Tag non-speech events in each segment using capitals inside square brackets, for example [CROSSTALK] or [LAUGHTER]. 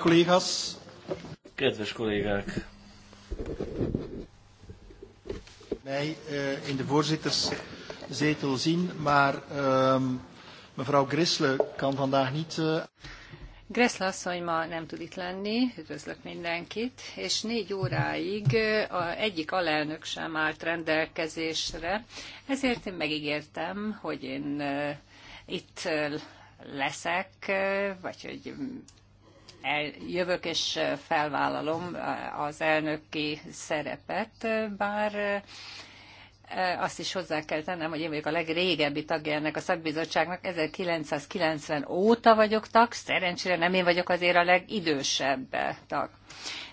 kollégas! Kedves kollégák! Mij uh, eh, in de voorzitterszetel zien, maar uh, mevrouw Grisle kan vandaag niet... Uh... Gressle asszony ma nem tud itt lenni, üdvözlök mindenkit, és négy óráig a egyik alelnök sem állt rendelkezésre, ezért én megígértem, hogy én itt leszek, vagy hogy jövök és felvállalom az elnöki szerepet, bár Eh, azt is hozzá kell tennem, hogy én vagyok a legrégebbi tagja ennek a szakbizottságnak, 1990 óta vagyok tag, szerencsére nem én vagyok azért a legidősebb tag.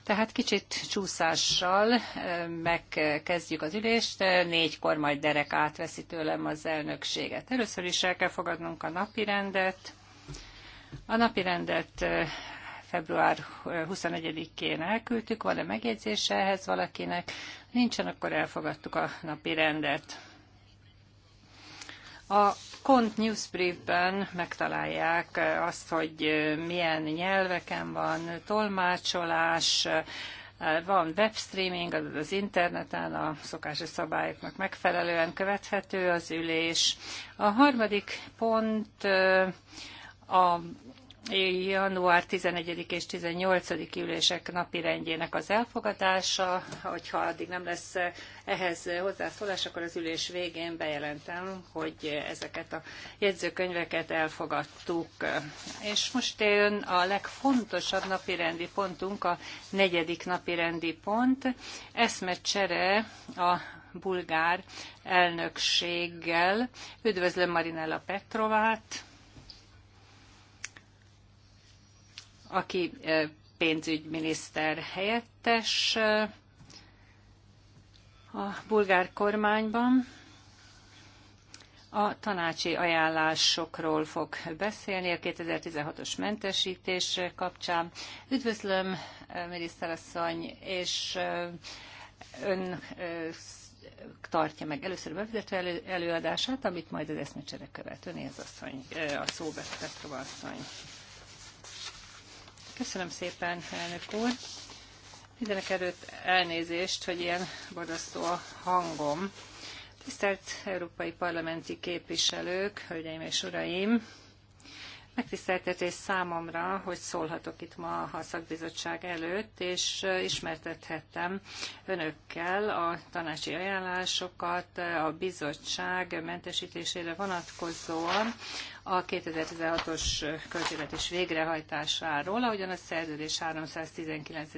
Tehát kicsit csúszással eh, megkezdjük az ülést, négykor majd derek átveszi tőlem az elnökséget. Először is el kell fogadnunk a napi rendet. A napi rendet eh, február 21-én eh, elküldtük, van-e megjegyzése ehhez valakinek? Nincsen, akkor elfogadtuk a napi rendet. A Kont Newsbriefben megtalálják eh, azt, hogy eh, milyen nyelveken van tolmácsolás, van webstreaming, az, az interneten a szokásos szabályoknak megfelelően követhető az ülés. A harmadik pont a január 11 és 18 ülések napirendjének az elfogadása. Hogyha addig nem lesz ehhez hozzászólás, akkor az ülés végén bejelentem, hogy ezeket a jegyzőkönyveket elfogadtuk. És most jön a legfontosabb napirendi pontunk, a negyedik napirendi pont. Eszmecsere a bulgár elnökséggel. Üdvözlöm Marinella Petrovát, aki pénzügyminiszter helyettes a bulgár kormányban. A tanácsi ajánlásokról fog beszélni a 2016-os mentesítés kapcsán. Üdvözlöm, miniszterasszony, és ön tartja meg először a bevezető előadását, amit majd az eszmecsere követ. Öné az asszony, a szóbeszélő asszony. Köszönöm szépen, elnök úr. Mindenek előtt elnézést, hogy ilyen borzasztó a hangom. Tisztelt Európai Parlamenti képviselők, hölgyeim és uraim! Megtiszteltetés számomra, hogy szólhatok itt ma a szakbizottság előtt, és ismertethettem önökkel a tanácsi ajánlásokat a bizottság mentesítésére vonatkozóan a 2016-os költségvetés végrehajtásáról, ahogyan a szerződés 319.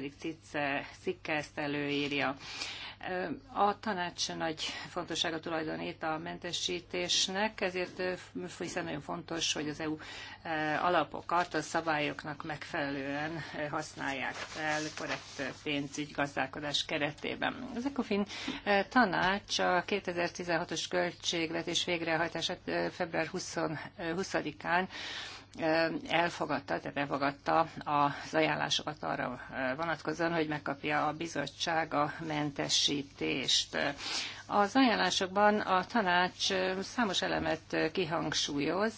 cikke ezt előírja. A tanács nagy fontossága tulajdonít a mentesítésnek, ezért hiszen nagyon fontos, hogy az EU alapokat a szabályoknak megfelelően használják fel korrekt gazdálkodás keretében. Az ECOFIN tanács a 2016-os költségvetés végrehajtását február 20-án elfogadta, tehát elfogadta az ajánlásokat arra vonatkozóan, hogy megkapja a bizottság a mentesítést. Az ajánlásokban a tanács számos elemet kihangsúlyoz.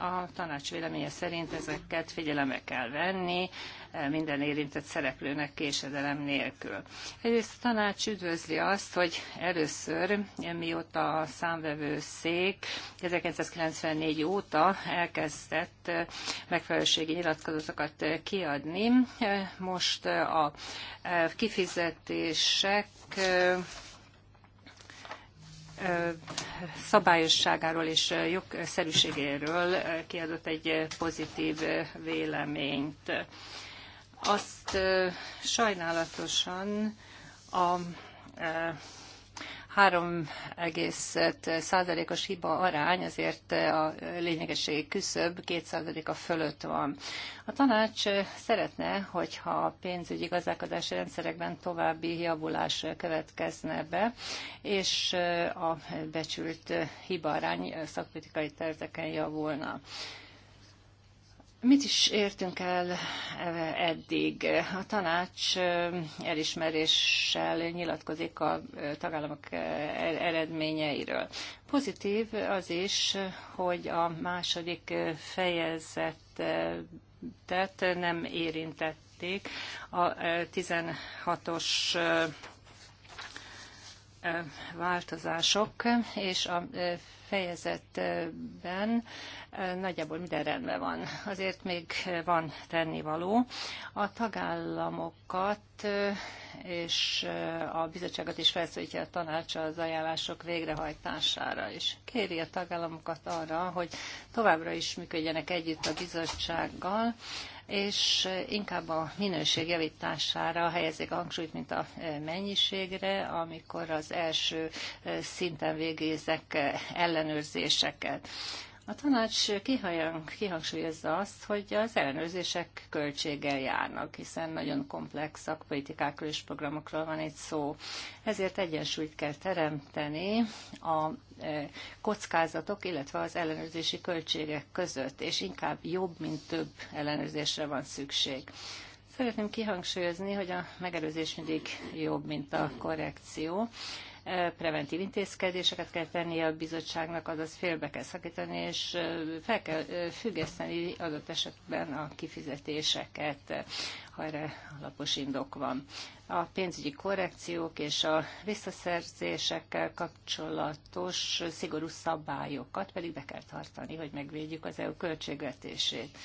A tanács véleménye szerint ezeket figyelembe kell venni, minden érintett szereplőnek késedelem nélkül. Egyrészt a tanács üdvözli azt, hogy először, mióta a szék 1994 óta elkezdett megfelelőségi nyilatkozatokat kiadni, most a kifizetések szabályosságáról és jogszerűségéről kiadott egy pozitív véleményt. Azt sajnálatosan a 3,5%-os hiba arány, azért a lényegességi küszöb 2%-a fölött van. A tanács szeretne, hogyha a pénzügyi gazdálkodási rendszerekben további javulás következne be, és a becsült hiba arány szakpolitikai területeken javulna. Mit is értünk el eddig? A tanács elismeréssel nyilatkozik a tagállamok er-, eredményeiről. Pozitív az is, hogy a második fejezetet nem érintették a 16-os változások, és a fejezetben nagyjából minden rendben van. Azért még van tennivaló. A tagállamokat és a bizottságot is felszólítja a tanács az ajánlások végrehajtására is. Kéri a tagállamokat arra, hogy továbbra is működjenek együtt a bizottsággal, és inkább a minőség javítására helyezik a hangsúlyt, mint a mennyiségre, amikor az első szinten végézek ellenőrzéseket. A tanács kihangsúlyozza azt, hogy az ellenőrzések költséggel járnak, hiszen nagyon komplex szakpolitikákról és programokról van itt szó. Ezért egyensúlyt kell teremteni a kockázatok, illetve az ellenőrzési költségek között, és inkább jobb, mint több ellenőrzésre van szükség. Szeretném kihangsúlyozni, hogy a megelőzés mindig jobb, mint a korrekció, preventív intézkedéseket kell tenni a bizottságnak, azaz félbe kell szakítani, és fel kell függeszteni adott esetben a kifizetéseket, ha erre alapos indok van. A pénzügyi korrekciók és a visszaszerzésekkel kapcsolatos szigorú szabályokat pedig be kell tartani, hogy megvédjük az EU költségvetését.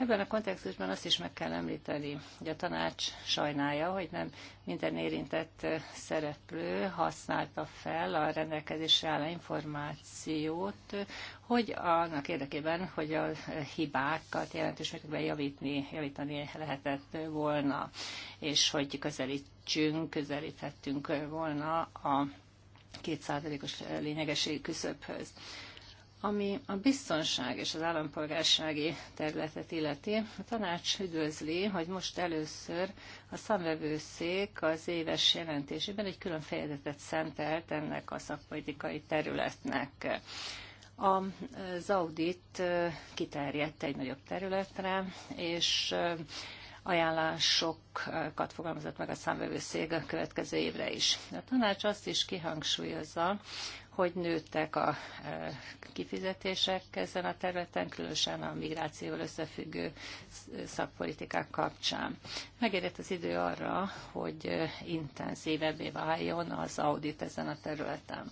Ebben a kontextusban azt is meg kell említeni, hogy a tanács sajnálja, hogy nem minden érintett szereplő használta fel a rendelkezésre álló információt, hogy annak érdekében, hogy a hibákat jelentős mértékben javítani, javítani lehetett volna, és hogy közelítsünk, közelíthettünk volna a kétszázalékos lényegességi küszöbhöz. Ami a biztonság és az állampolgársági területet illeti, a tanács üdvözli, hogy most először a számvevőszék az éves jelentésében egy külön fejezetet szentelt ennek a szakpolitikai területnek. Az audit kiterjedt egy nagyobb területre, és ajánlásokat fogalmazott meg a számvevőszég a következő évre is. A tanács azt is kihangsúlyozza, hogy nőttek a e, kifizetések ezen a területen, különösen a migrációval összefüggő szakpolitikák kapcsán. Megérett az idő arra, hogy e, intenzívebbé váljon az audit ezen a területen.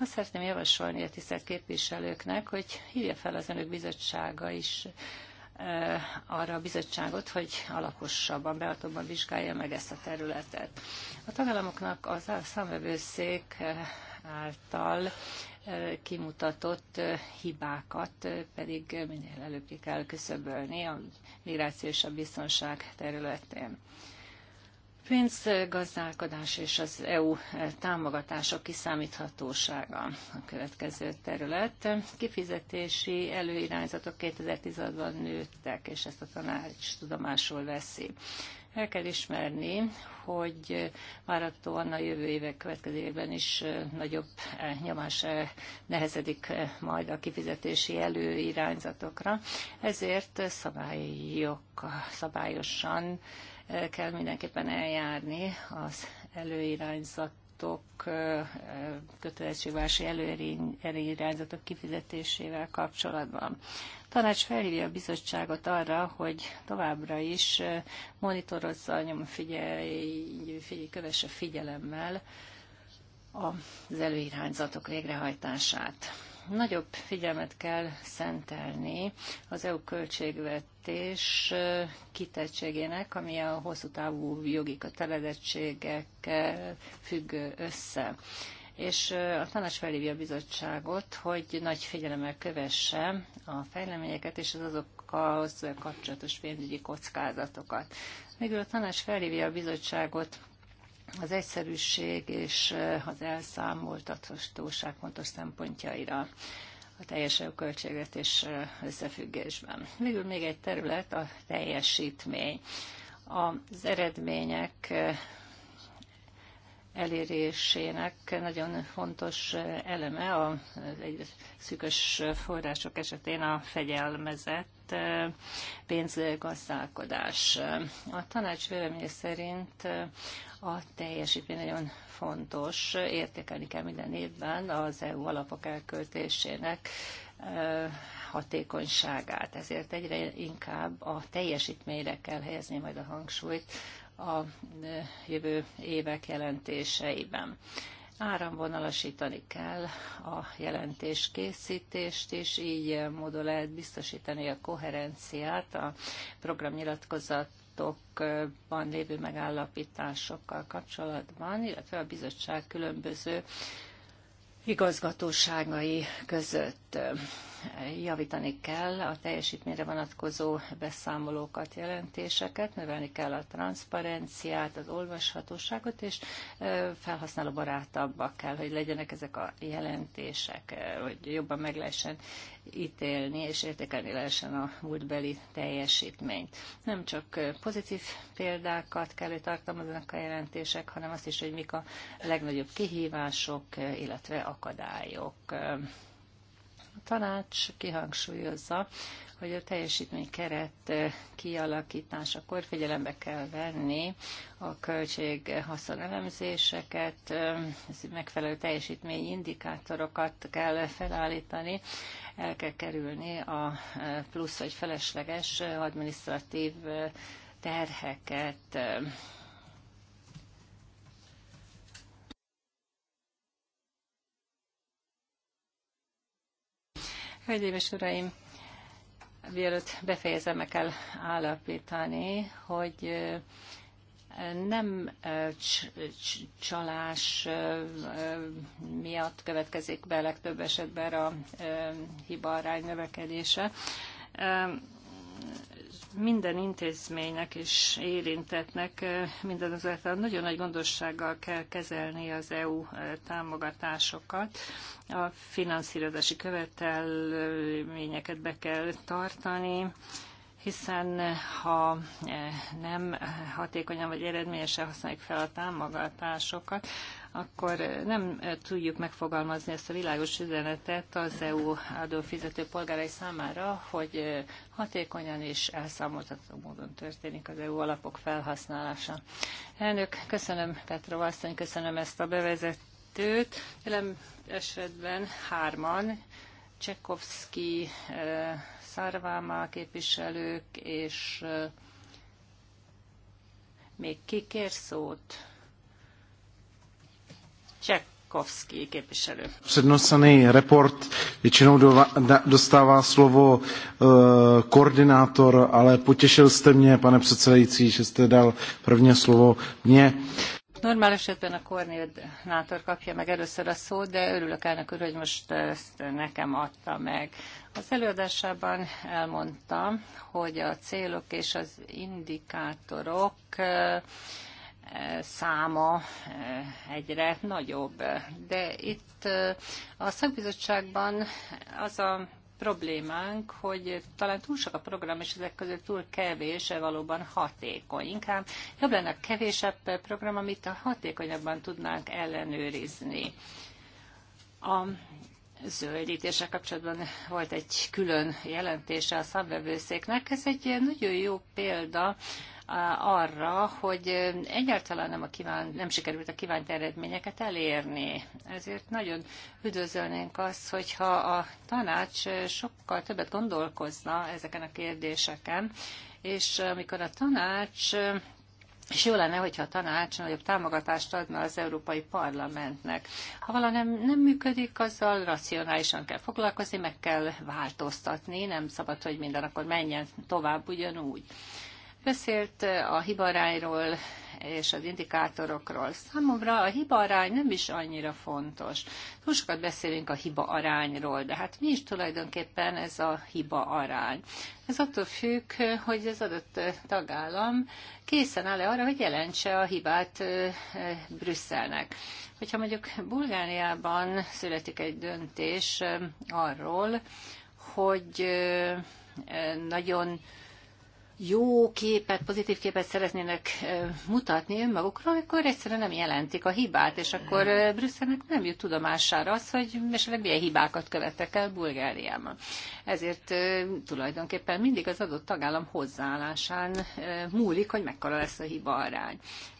Azt szeretném javasolni a tisztelt képviselőknek, hogy hívja fel az önök bizottsága is e, arra a bizottságot, hogy alaposabban, behatóbban vizsgálja meg ezt a területet. A tagállamoknak az a számvevőszék által kimutatott hibákat pedig minél előbb ki kell küszöbölni a migráció és a biztonság területén. Pénzgazdálkodás és az EU támogatások kiszámíthatósága a következő terület. Kifizetési előirányzatok 2016-ban nőttek, és ezt a tanács tudomásul veszi. El kell ismerni, hogy várhatóan a jövő évek következő évben is nagyobb nyomás nehezedik majd a kifizetési előirányzatokra, ezért szabályok, szabályosan kell mindenképpen eljárni az előirányzat vállalatok kötelezettségvási előirányzatok kifizetésével kapcsolatban. Tanács felhívja a bizottságot arra, hogy továbbra is monitorozza, nyom figyelj, figyelj, kövesse figyelemmel az előirányzatok végrehajtását. Nagyobb figyelmet kell szentelni az EU költségvetés kitettségének, ami a hosszú távú jogi kötelezettségekkel függ össze és a tanács felhívja a bizottságot, hogy nagy figyelemmel kövesse a fejleményeket és az azokkal kapcsolatos pénzügyi kockázatokat. Végül a tanács felhívja a bizottságot az egyszerűség és az elszámoltatóság fontos szempontjaira a teljes költségvetés összefüggésben. Végül még egy terület a teljesítmény. Az eredmények elérésének nagyon fontos eleme a egy szűkös források esetén a fegyelmezett pénzgazdálkodás. A tanács vélemény szerint a teljesítmény nagyon fontos, értékelni kell minden évben az EU alapok elköltésének hatékonyságát. Ezért egyre inkább a teljesítményre kell helyezni majd a hangsúlyt a jövő évek jelentéseiben. Áramvonalasítani kell a jelentés készítést és így módon lehet biztosítani a koherenciát a programnyilatkozat javaslatokban lévő megállapításokkal kapcsolatban, illetve a bizottság különböző igazgatóságai között javítani kell a teljesítményre vonatkozó beszámolókat, jelentéseket, növelni kell a transzparenciát, az olvashatóságot, és felhasználó barátabbak kell, hogy legyenek ezek a jelentések, hogy jobban meg lehessen ítélni és értékelni lehessen a múltbeli teljesítményt. Nem csak pozitív példákat kell, hogy tartalmaznak a jelentések, hanem azt is, hogy mik a legnagyobb kihívások, illetve akadályok. A tanács kihangsúlyozza, hogy a teljesítmény keret kialakításakor figyelembe kell venni a költség haszonelemzéseket, megfelelő teljesítmény indikátorokat kell felállítani, el kell kerülni a plusz vagy felesleges adminisztratív terheket Hölgyeim és Uraim! Mielőtt befejezem, meg kell állapítani, hogy nem csalás miatt következik be legtöbb esetben a hiba arány növekedése minden intézménynek és érintetnek azért nagyon nagy gondossággal kell kezelni az EU támogatásokat. A finanszírozási követelményeket be kell tartani, hiszen ha eh, nem hatékonyan vagy eredményesen használjuk fel a támogatásokat, akkor eh, nem eh, tudjuk megfogalmazni ezt a világos üzenetet az EU adófizető polgárai számára, hogy hatékonyan és elszámoltató módon történik az EU alapok felhasználása. Elnök, köszönöm Petra asszony, köszönöm ezt a bevezetőt. Jelen esetben hárman, Csekovszki, Szárvámá képviselők, és még ki kér szót? Csak. képviselő. Přednosený report většinou do, dostává slovo e, koordinátor, ale potěšil jste mě, pane předsedající, že jste dal prvně slovo mně. E, Normál esetben a koordinátor kapja meg először a szót, de örülök elnök úr, hogy most ezt nekem adta meg. Az előadásában elmondtam, hogy a célok és az indikátorok eh, száma eh, egyre nagyobb. De itt eh, a szakbizottságban az a problémánk, hogy talán túl sok a program, és ezek között túl kevés valóban hatékony. Inkább jobb lenne a kevésebb program, amit a hatékonyabban tudnánk ellenőrizni. A zöldítése kapcsolatban volt egy külön jelentése a szabvevőszéknek. Ez egy nagyon jó példa arra, hogy egyáltalán nem, a kíván, nem sikerült a kívánt eredményeket elérni. Ezért nagyon üdvözölnénk azt, hogyha a tanács sokkal többet gondolkozna ezeken a kérdéseken, és amikor a tanács és jó lenne, hogyha a tanács nagyobb támogatást adna az Európai Parlamentnek. Ha valami nem, nem működik, azzal racionálisan kell foglalkozni, meg kell változtatni, nem szabad, hogy minden akkor menjen tovább ugyanúgy. Beszélt eh, a hibarányról és az indikátorokról. Számomra a hibarány nem is annyira fontos. Túl sokat beszélünk a hiba arányról, de hát mi is tulajdonképpen ez a hiba arány. Ez attól függ, hogy az adott eh, tagállam készen áll-e arra, hogy jelentse a hibát eh, Brüsszelnek. Hogyha mondjuk Bulgáriában születik egy döntés arról, hogy nagyon jó képet, pozitív képet szeretnének mutatni önmagukra, akkor egyszerűen nem jelentik a hibát, és akkor Brüsszelnek nem jut tudomására az, hogy esetleg milyen hibákat követtek el Bulgáriában. Ezért tulajdonképpen mindig az adott tagállam hozzáállásán múlik, hogy mekkora lesz a hiba arány.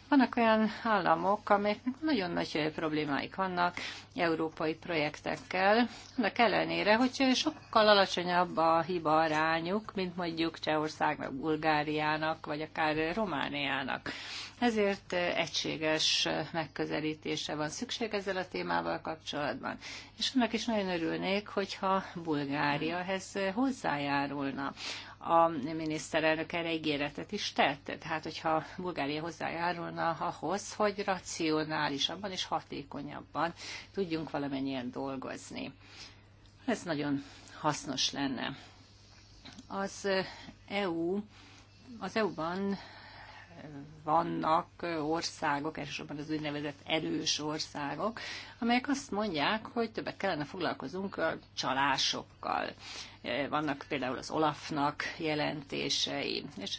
Vannak olyan államok, amelyeknek nagyon nagy problémáik vannak európai projektekkel, annak ellenére, hogy sokkal alacsonyabb a hiba arányuk, mint mondjuk Csehországnak, Bulgáriának, vagy akár Romániának. Ezért egységes megközelítése van szükség ezzel a témával kapcsolatban. És annak is nagyon örülnék, hogyha Bulgáriahez hozzájárulna a miniszterelnök erre ígéretet is tett. Tehát, hogyha Bulgária hozzájárulna ahhoz, hogy racionálisabban és hatékonyabban tudjunk valamennyien dolgozni. Ez nagyon hasznos lenne. Az eh, EU az EU-ban vannak országok, elsősorban az úgynevezett erős országok, amelyek azt mondják, hogy többek kellene foglalkozunk a csalásokkal. Vannak például az Olafnak jelentései, és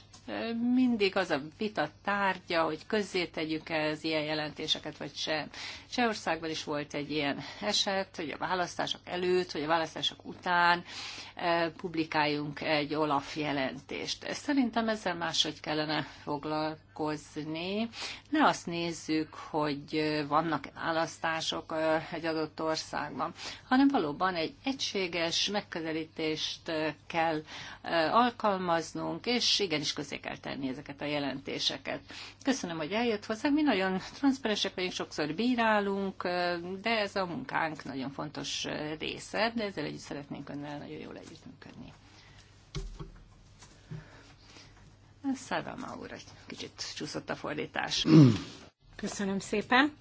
mindig az a vita tárgya, hogy közzé tegyük-e az ilyen jelentéseket, vagy sem. Csehországban is volt egy ilyen eset, hogy a választások előtt, vagy a választások után e, publikáljunk egy Olaf jelentést. Szerintem ezzel máshogy kellene foglalkozni foglalkozni. Ne azt nézzük, hogy vannak választások egy adott országban, hanem valóban egy egységes megközelítést kell alkalmaznunk, és igenis közé kell tenni ezeket a jelentéseket. Köszönöm, hogy eljött hozzánk. Mi nagyon transzparensek vagyunk, sokszor bírálunk, de ez a munkánk nagyon fontos része, de ezzel együtt szeretnénk önnel nagyon jól együttműködni. Szávama úr, egy kicsit csúszott a fordítás. Köszönöm szépen.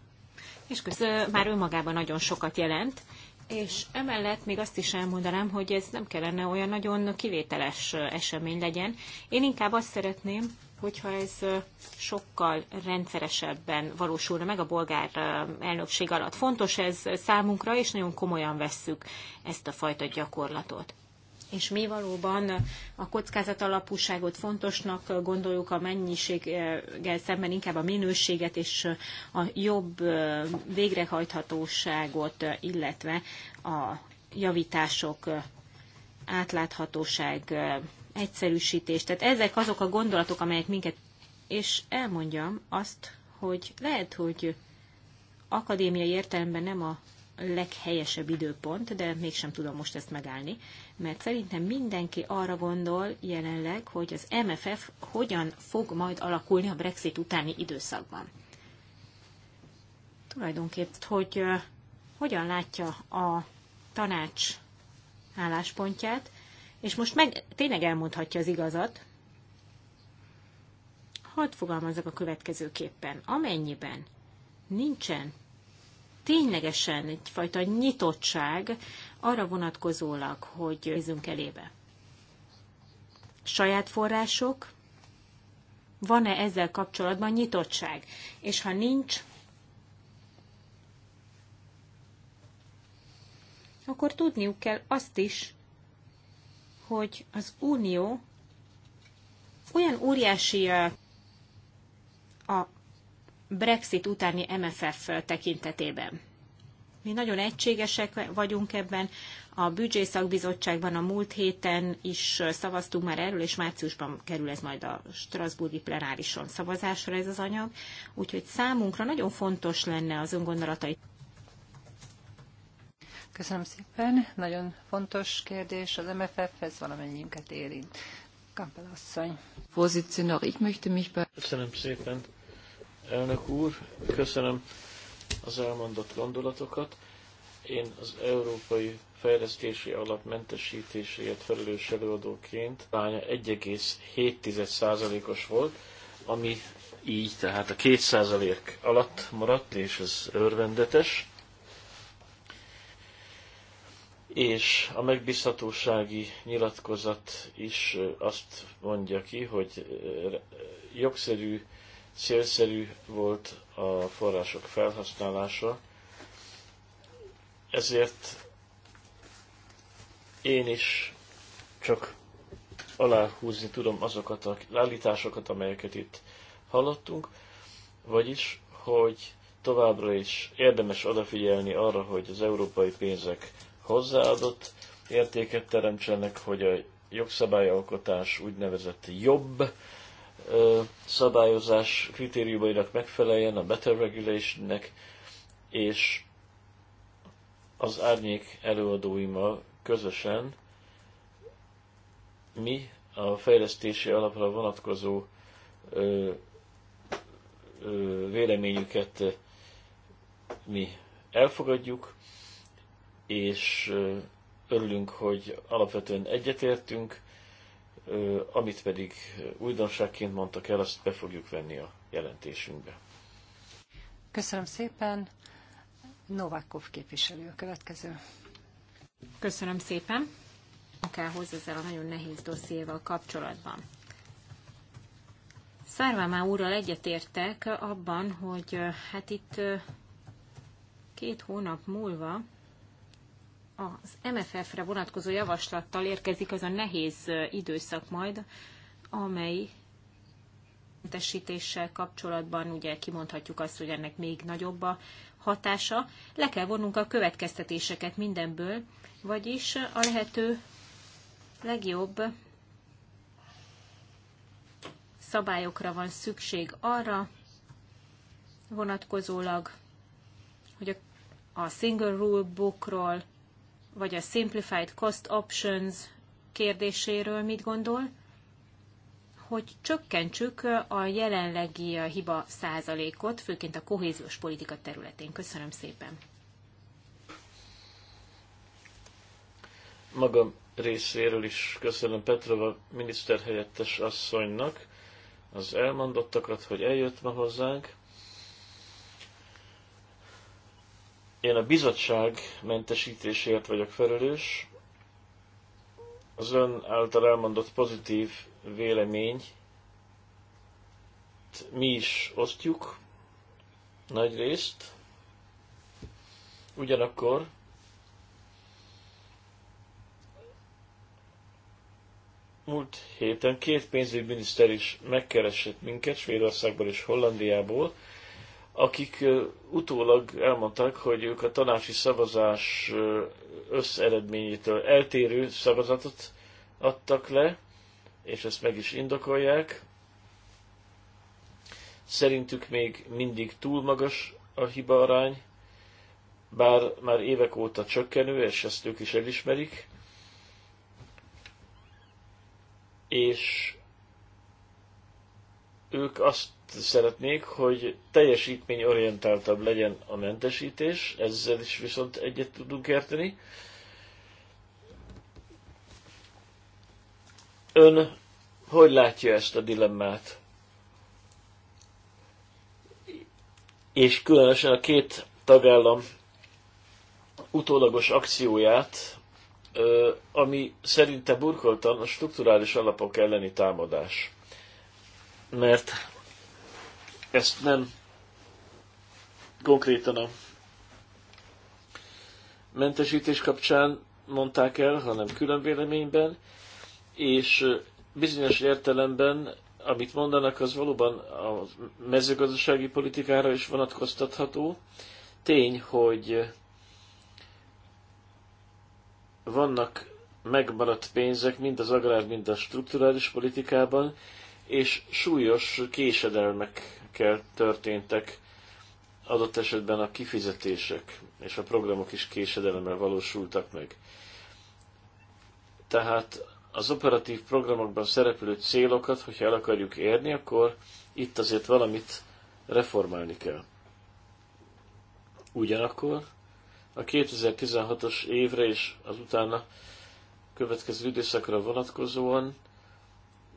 És köszönöm, már önmagában nagyon sokat jelent. És emellett még azt is elmondanám, hogy ez nem kellene olyan nagyon kivételes esemény legyen. Én inkább azt szeretném, hogyha ez sokkal rendszeresebben valósulna meg a bolgár elnökség alatt. Fontos ez számunkra, és nagyon komolyan vesszük ezt a fajta gyakorlatot és mi valóban a kockázat alapúságot fontosnak gondoljuk, a mennyiséggel szemben inkább a minőséget és a jobb végrehajthatóságot, illetve a javítások átláthatóság egyszerűsítés. Tehát ezek azok a gondolatok, amelyek minket... És elmondjam azt, hogy lehet, hogy akadémiai értelemben nem a leghelyesebb időpont, de mégsem tudom most ezt megállni mert szerintem mindenki arra gondol jelenleg, hogy az MFF hogyan fog majd alakulni a Brexit utáni időszakban. Tulajdonképp, hogy hogyan látja a tanács álláspontját, és most meg tényleg elmondhatja az igazat, hadd fogalmazzak a következőképpen. Amennyiben nincsen ténylegesen egyfajta nyitottság arra vonatkozólag, hogy nézzünk elébe. Saját források, van-e ezzel kapcsolatban nyitottság? És ha nincs, akkor tudniuk kell azt is, hogy az Unió olyan óriási a Brexit utáni MFF tekintetében. Mi nagyon egységesek vagyunk ebben. A Szakbizottságban a múlt héten is szavaztunk már erről, és márciusban kerül ez majd a Strasburgi plenárison szavazásra ez az anyag. Úgyhogy számunkra nagyon fontos lenne az öngondolatai. Köszönöm szépen. Nagyon fontos kérdés az MFF-hez, valamennyiünket érint. Kampel asszony. Köszönöm szépen, elnök úr. Köszönöm az elmondott gondolatokat. Én az Európai Fejlesztési Alap mentesítéséért felelős előadóként lánya 1,7%-os volt, ami így, tehát a 2% alatt maradt, és ez örvendetes. És a megbízhatósági nyilatkozat is azt mondja ki, hogy jogszerű, célszerű volt a források felhasználása. Ezért én is csak aláhúzni tudom azokat a állításokat, amelyeket itt hallottunk, vagyis, hogy továbbra is érdemes odafigyelni arra, hogy az európai pénzek hozzáadott értéket teremtsenek, hogy a jogszabályalkotás úgynevezett jobb szabályozás kritériumainak megfeleljen, a better regulationnek, és az árnyék előadóimmal közösen mi a fejlesztési alapra vonatkozó ö, ö, véleményüket mi elfogadjuk, és örülünk, hogy alapvetően egyetértünk, amit pedig újdonságként mondtak el, azt be fogjuk venni a jelentésünkbe. Köszönöm szépen. Novákov képviselő a következő. Köszönöm szépen munkához ezzel a nagyon nehéz dossziéval kapcsolatban. Szárvámá úrral egyetértek abban, hogy hát itt két hónap múlva az MFF-re vonatkozó javaslattal érkezik az a nehéz időszak majd, amely mentesítéssel kapcsolatban ugye kimondhatjuk azt, hogy ennek még nagyobb a hatása. Le kell vonnunk a következtetéseket mindenből, vagyis a lehető legjobb szabályokra van szükség arra vonatkozólag, hogy a Single Rule Bookról vagy a Simplified Cost Options kérdéséről mit gondol, hogy csökkentsük a jelenlegi hiba százalékot, főként a kohéziós politika területén. Köszönöm szépen. Magam részéről is köszönöm Petrova miniszterhelyettes asszonynak az elmondottakat, hogy eljött ma hozzánk. Én a bizottság mentesítésért vagyok felelős. Az ön által elmondott pozitív vélemény mi is osztjuk nagy részt. Ugyanakkor múlt héten két pénzügyminiszter is megkeresett minket Svédországból és Hollandiából, akik utólag elmondták, hogy ők a tanácsi szavazás összeredményétől eltérő szavazatot adtak le, és ezt meg is indokolják. Szerintük még mindig túl magas a hiba arány, bár már évek óta csökkenő, és ezt ők is elismerik. És ők azt szeretnék, hogy teljesítményorientáltabb legyen a mentesítés, ezzel is viszont egyet tudunk érteni. Ön hogy látja ezt a dilemmát? És különösen a két tagállam utólagos akcióját, ami szerinte burkoltan a strukturális alapok elleni támadás. Mert ezt nem konkrétan a mentesítés kapcsán mondták el, hanem külön véleményben, és bizonyos értelemben, amit mondanak, az valóban a mezőgazdasági politikára is vonatkoztatható. Tény, hogy vannak megmaradt pénzek mind az agrár, mind a strukturális politikában, és súlyos késedelmek késésekkel történtek adott esetben a kifizetések és a programok is késedelemmel valósultak meg. Tehát az operatív programokban szereplő célokat, hogyha el akarjuk érni, akkor itt azért valamit reformálni kell. Ugyanakkor a 2016-os évre és az utána következő időszakra vonatkozóan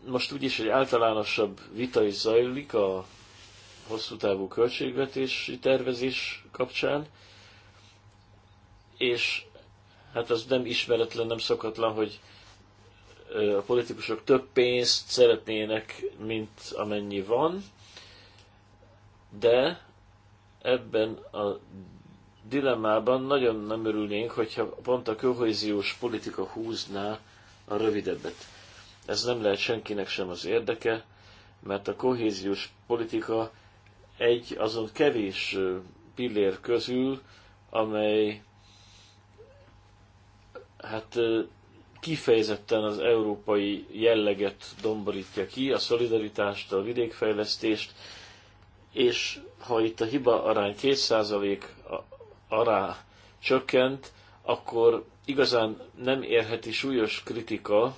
most úgyis egy általánosabb vita is zajlik a hosszú távú költségvetési tervezés kapcsán, és hát az nem ismeretlen, nem szokatlan, hogy a politikusok több pénzt szeretnének, mint amennyi van, de ebben a dilemmában nagyon nem örülnénk, hogyha pont a kohéziós politika húzná a rövidebbet. Ez nem lehet senkinek sem az érdeke, mert a kohéziós politika egy azon kevés pillér közül, amely hát kifejezetten az európai jelleget domborítja ki, a szolidaritást, a vidékfejlesztést, és ha itt a hiba arány 2% ará csökkent, akkor igazán nem érheti súlyos kritika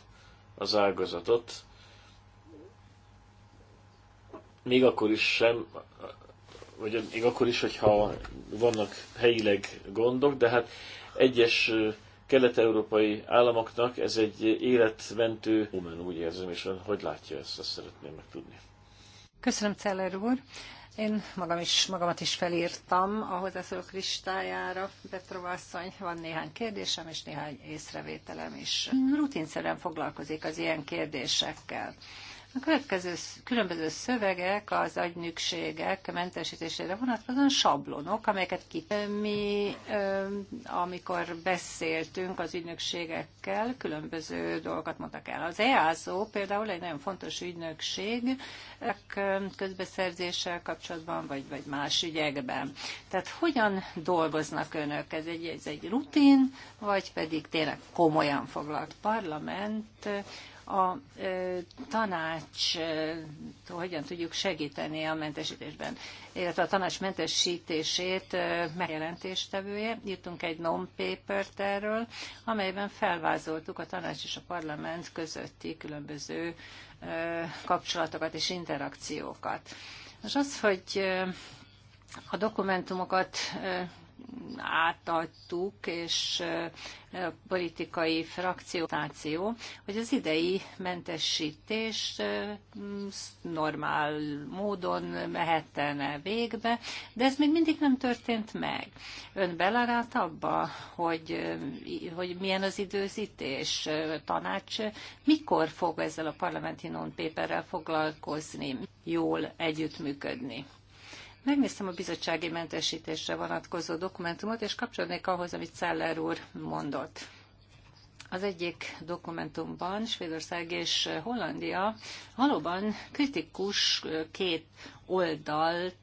az ágazatot, még akkor is sem, vagy még akkor is, hogyha vannak helyileg gondok, de hát egyes kelet-európai államoknak ez egy életmentő omen, úgy érzem, és ön hogy látja ezt, ezt szeretném megtudni. Köszönöm, Celler úr. Én magam is, magamat is felírtam a hozzászólók listájára. Petrova asszony, van néhány kérdésem és néhány észrevételem is. Rutinszerűen foglalkozik az ilyen kérdésekkel. A következő különböző szövegek az agynükségek mentesítésére vonatkozóan sablonok, amelyeket ki. Mi, amikor beszéltünk az ügynökségekkel, különböző dolgokat mondtak el. Az EASO például egy nagyon fontos ügynökség közbeszerzéssel kapcsolatban, vagy, vagy más ügyekben. Tehát hogyan dolgoznak önök? Ez egy, ez egy rutin, vagy pedig tényleg komolyan foglalt parlament, a tanács hogyan tudjuk segíteni a mentesítésben, illetve a tanács mentesítését megjelentéstevője. Írtunk egy non-papert erről, amelyben felvázoltuk a tanács és a parlament közötti különböző kapcsolatokat és interakciókat. Most az, hogy a dokumentumokat átadtuk, és a politikai frakció, hogy az idei mentesítés normál módon mehetne végbe, de ez még mindig nem történt meg. Ön belerált abba, hogy, hogy milyen az időzítés, tanács, mikor fog ezzel a parlamenti non-paperrel foglalkozni, jól együttműködni? Megnéztem a bizottsági mentesítésre vonatkozó dokumentumot, és kapcsolódnék ahhoz, amit Szeller úr mondott. Az egyik dokumentumban Svédország és Hollandia valóban kritikus két oldalt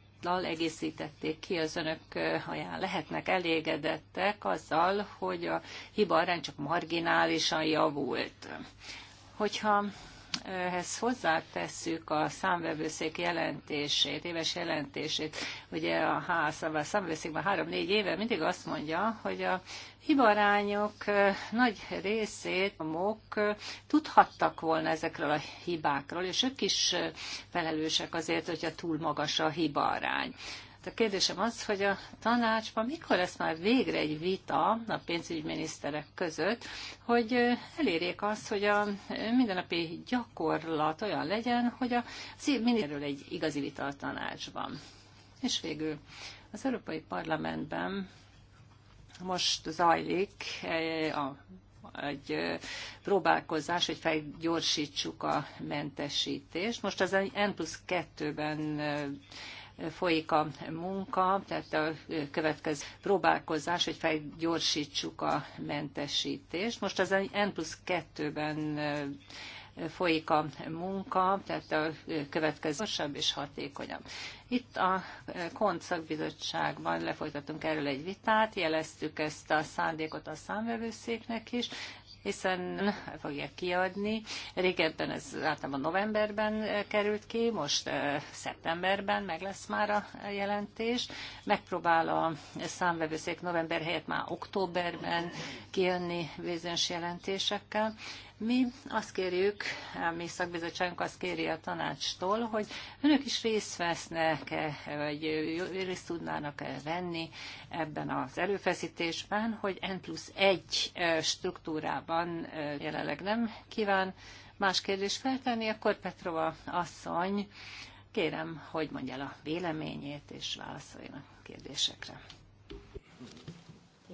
egészítették ki az önök haján. Lehetnek elégedettek azzal, hogy a hiba arány csak marginálisan javult. Hogyha ehhez hozzátesszük a számvevőszék jelentését, éves jelentését, ugye a ház, a számvevőszékben három-négy éve mindig azt mondja, hogy a hibarányok nagy részét a mok tudhattak volna ezekről a hibákról, és ők is felelősek azért, hogyha túl magas a hibarány. A kérdésem az, hogy a tanácsban mikor lesz már végre egy vita a pénzügyminiszterek között, hogy elérjék azt, hogy a mindennapi gyakorlat olyan legyen, hogy a miniszterről egy igazi vita a tanácsban. És végül az Európai Parlamentben most zajlik a egy próbálkozás, hogy felgyorsítsuk a mentesítést. Most az N plusz 2-ben folyik a munka, tehát a következő próbálkozás, hogy felgyorsítsuk a mentesítést. Most az N plusz 2-ben folyik a munka, tehát a következő gyorsabb és hatékonyabb. Itt a KONT szakbizottságban lefolytattunk erről egy vitát, jeleztük ezt a szándékot a számvevőszéknek is, hiszen fogják kiadni. Régebben ez általában novemberben eh, került ki, most eh, szeptemberben meg lesz már a jelentés. Megpróbál a számvevőszék november helyett már októberben kijönni vízens jelentésekkel. Mi azt kérjük, a mi szakbizottságunk azt kéri a tanácstól, hogy önök is részt vesznek, vagy részt tudnának venni ebben az előfeszítésben, hogy N plusz egy struktúrában jelenleg nem kíván más kérdést feltenni, akkor Petrova asszony, kérem, hogy mondja el a véleményét, és válaszoljon a kérdésekre.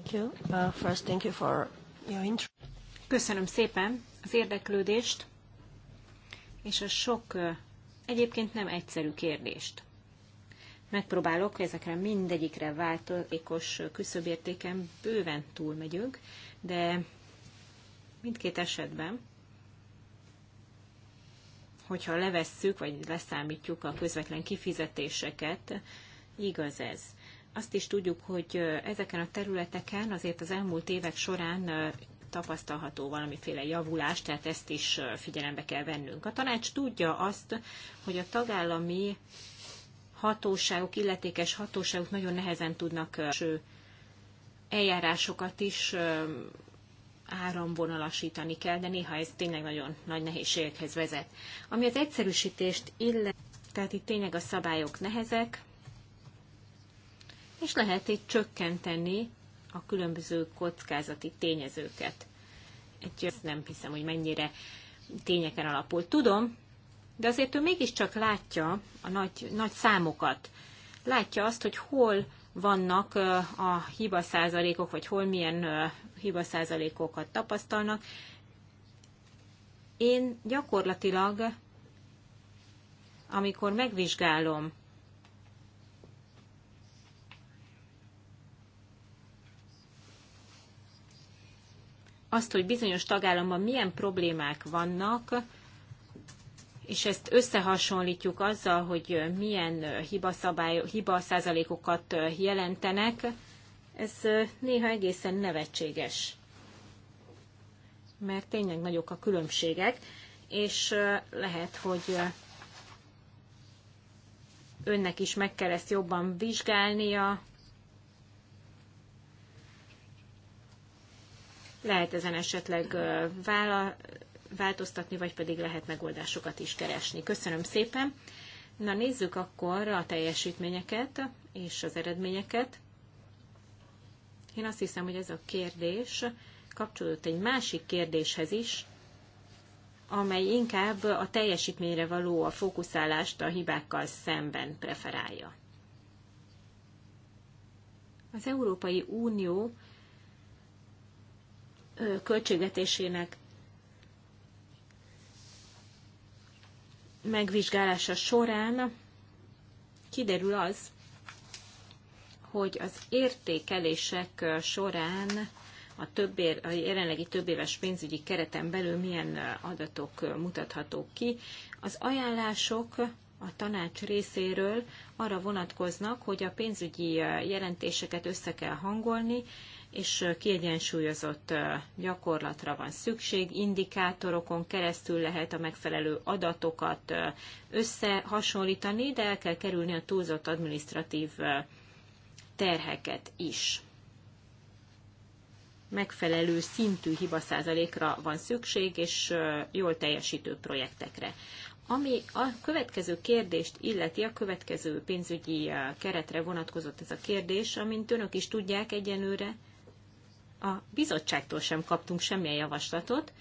Thank you. Uh, first, thank you for your interest. Köszönöm szépen az érdeklődést, és a sok egyébként nem egyszerű kérdést. Megpróbálok ezekre mindegyikre változékos küszöbértéken bőven túlmegyünk, de mindkét esetben, hogyha levesszük, vagy leszámítjuk a közvetlen kifizetéseket, igaz ez. Azt is tudjuk, hogy ezeken a területeken azért az elmúlt évek során tapasztalható valamiféle javulás, tehát ezt is figyelembe kell vennünk. A tanács tudja azt, hogy a tagállami hatóságok, illetékes hatóságok nagyon nehezen tudnak eljárásokat is áramvonalasítani kell, de néha ez tényleg nagyon nagy nehézségekhez vezet. Ami az egyszerűsítést illet, tehát itt tényleg a szabályok nehezek, és lehet itt csökkenteni a különböző kockázati tényezőket. Egy, ezt nem hiszem, hogy mennyire tényeken alapul. Tudom, de azért ő mégiscsak látja a nagy, nagy számokat. Látja azt, hogy hol vannak a hibaszázalékok, vagy hol milyen hibaszázalékokat tapasztalnak. Én gyakorlatilag, amikor megvizsgálom azt, hogy bizonyos tagállamban milyen problémák vannak, és ezt összehasonlítjuk azzal, hogy milyen hiba százalékokat jelentenek, ez néha egészen nevetséges. Mert tényleg nagyok a különbségek, és lehet, hogy önnek is meg kell ezt jobban vizsgálnia, lehet ezen esetleg vála, változtatni, vagy pedig lehet megoldásokat is keresni. Köszönöm szépen! Na nézzük akkor a teljesítményeket és az eredményeket. Én azt hiszem, hogy ez a kérdés kapcsolódott egy másik kérdéshez is, amely inkább a teljesítményre való a fókuszálást a hibákkal szemben preferálja. Az Európai Unió költségvetésének megvizsgálása során kiderül az, hogy az értékelések során a, több ér, a jelenlegi éves pénzügyi kereten belül milyen adatok mutathatók ki. Az ajánlások a tanács részéről arra vonatkoznak, hogy a pénzügyi jelentéseket össze kell hangolni, és kiegyensúlyozott gyakorlatra van szükség. Indikátorokon keresztül lehet a megfelelő adatokat összehasonlítani, de el kell kerülni a túlzott administratív terheket is. Megfelelő szintű hibaszázalékra van szükség, és jól teljesítő projektekre. Ami a következő kérdést illeti, a következő pénzügyi keretre vonatkozott ez a kérdés, amint önök is tudják egyenőre, a bizottságtól sem kaptunk semmilyen javaslatot,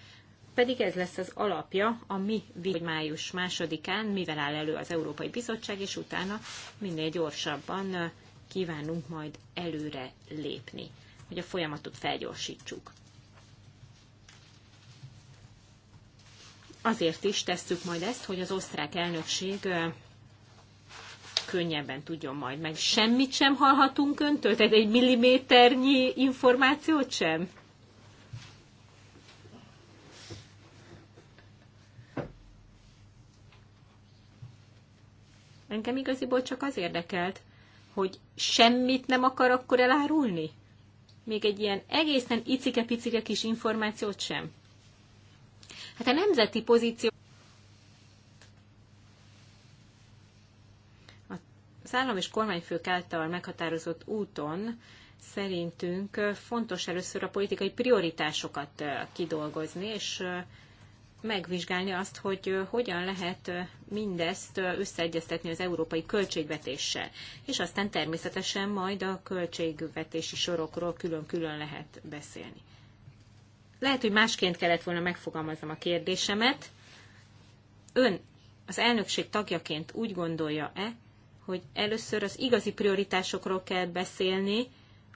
pedig ez lesz az alapja a mi, hogy május másodikán mivel áll elő az Európai Bizottság, és utána minél gyorsabban kívánunk majd előre lépni, hogy a folyamatot felgyorsítsuk. Azért is tesszük majd ezt, hogy az osztrák elnökség könnyebben tudjon majd meg. Semmit sem hallhatunk öntől? Tehát egy milliméternyi információt sem? Engem igaziból csak az érdekelt, hogy semmit nem akar akkor elárulni? Még egy ilyen egészen icike-picike kis információt sem? Hát a nemzeti pozíció Az állam és kormányfők által meghatározott úton szerintünk fontos először a politikai prioritásokat kidolgozni, és megvizsgálni azt, hogy hogyan lehet mindezt összeegyeztetni az európai költségvetéssel. És aztán természetesen majd a költségvetési sorokról külön-külön lehet beszélni. Lehet, hogy másként kellett volna megfogalmaznom a kérdésemet. Ön az elnökség tagjaként úgy gondolja-e, hogy először az igazi prioritásokról kell beszélni,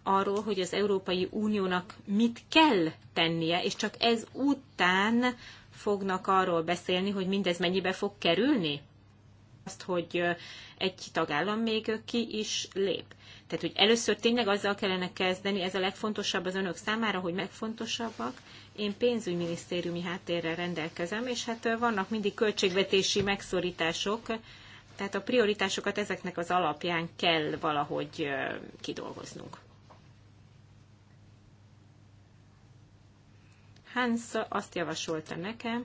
arról, hogy az Európai Uniónak mit kell tennie, és csak ez után fognak arról beszélni, hogy mindez mennyibe fog kerülni? Azt, hogy egy tagállam még ki is lép. Tehát, hogy először tényleg azzal kellene kezdeni, ez a legfontosabb az önök számára, hogy megfontosabbak. Én pénzügyminisztériumi háttérrel rendelkezem, és hát vannak mindig költségvetési megszorítások, tehát a prioritásokat ezeknek az alapján kell valahogy kidolgoznunk. Hans azt javasolta nekem,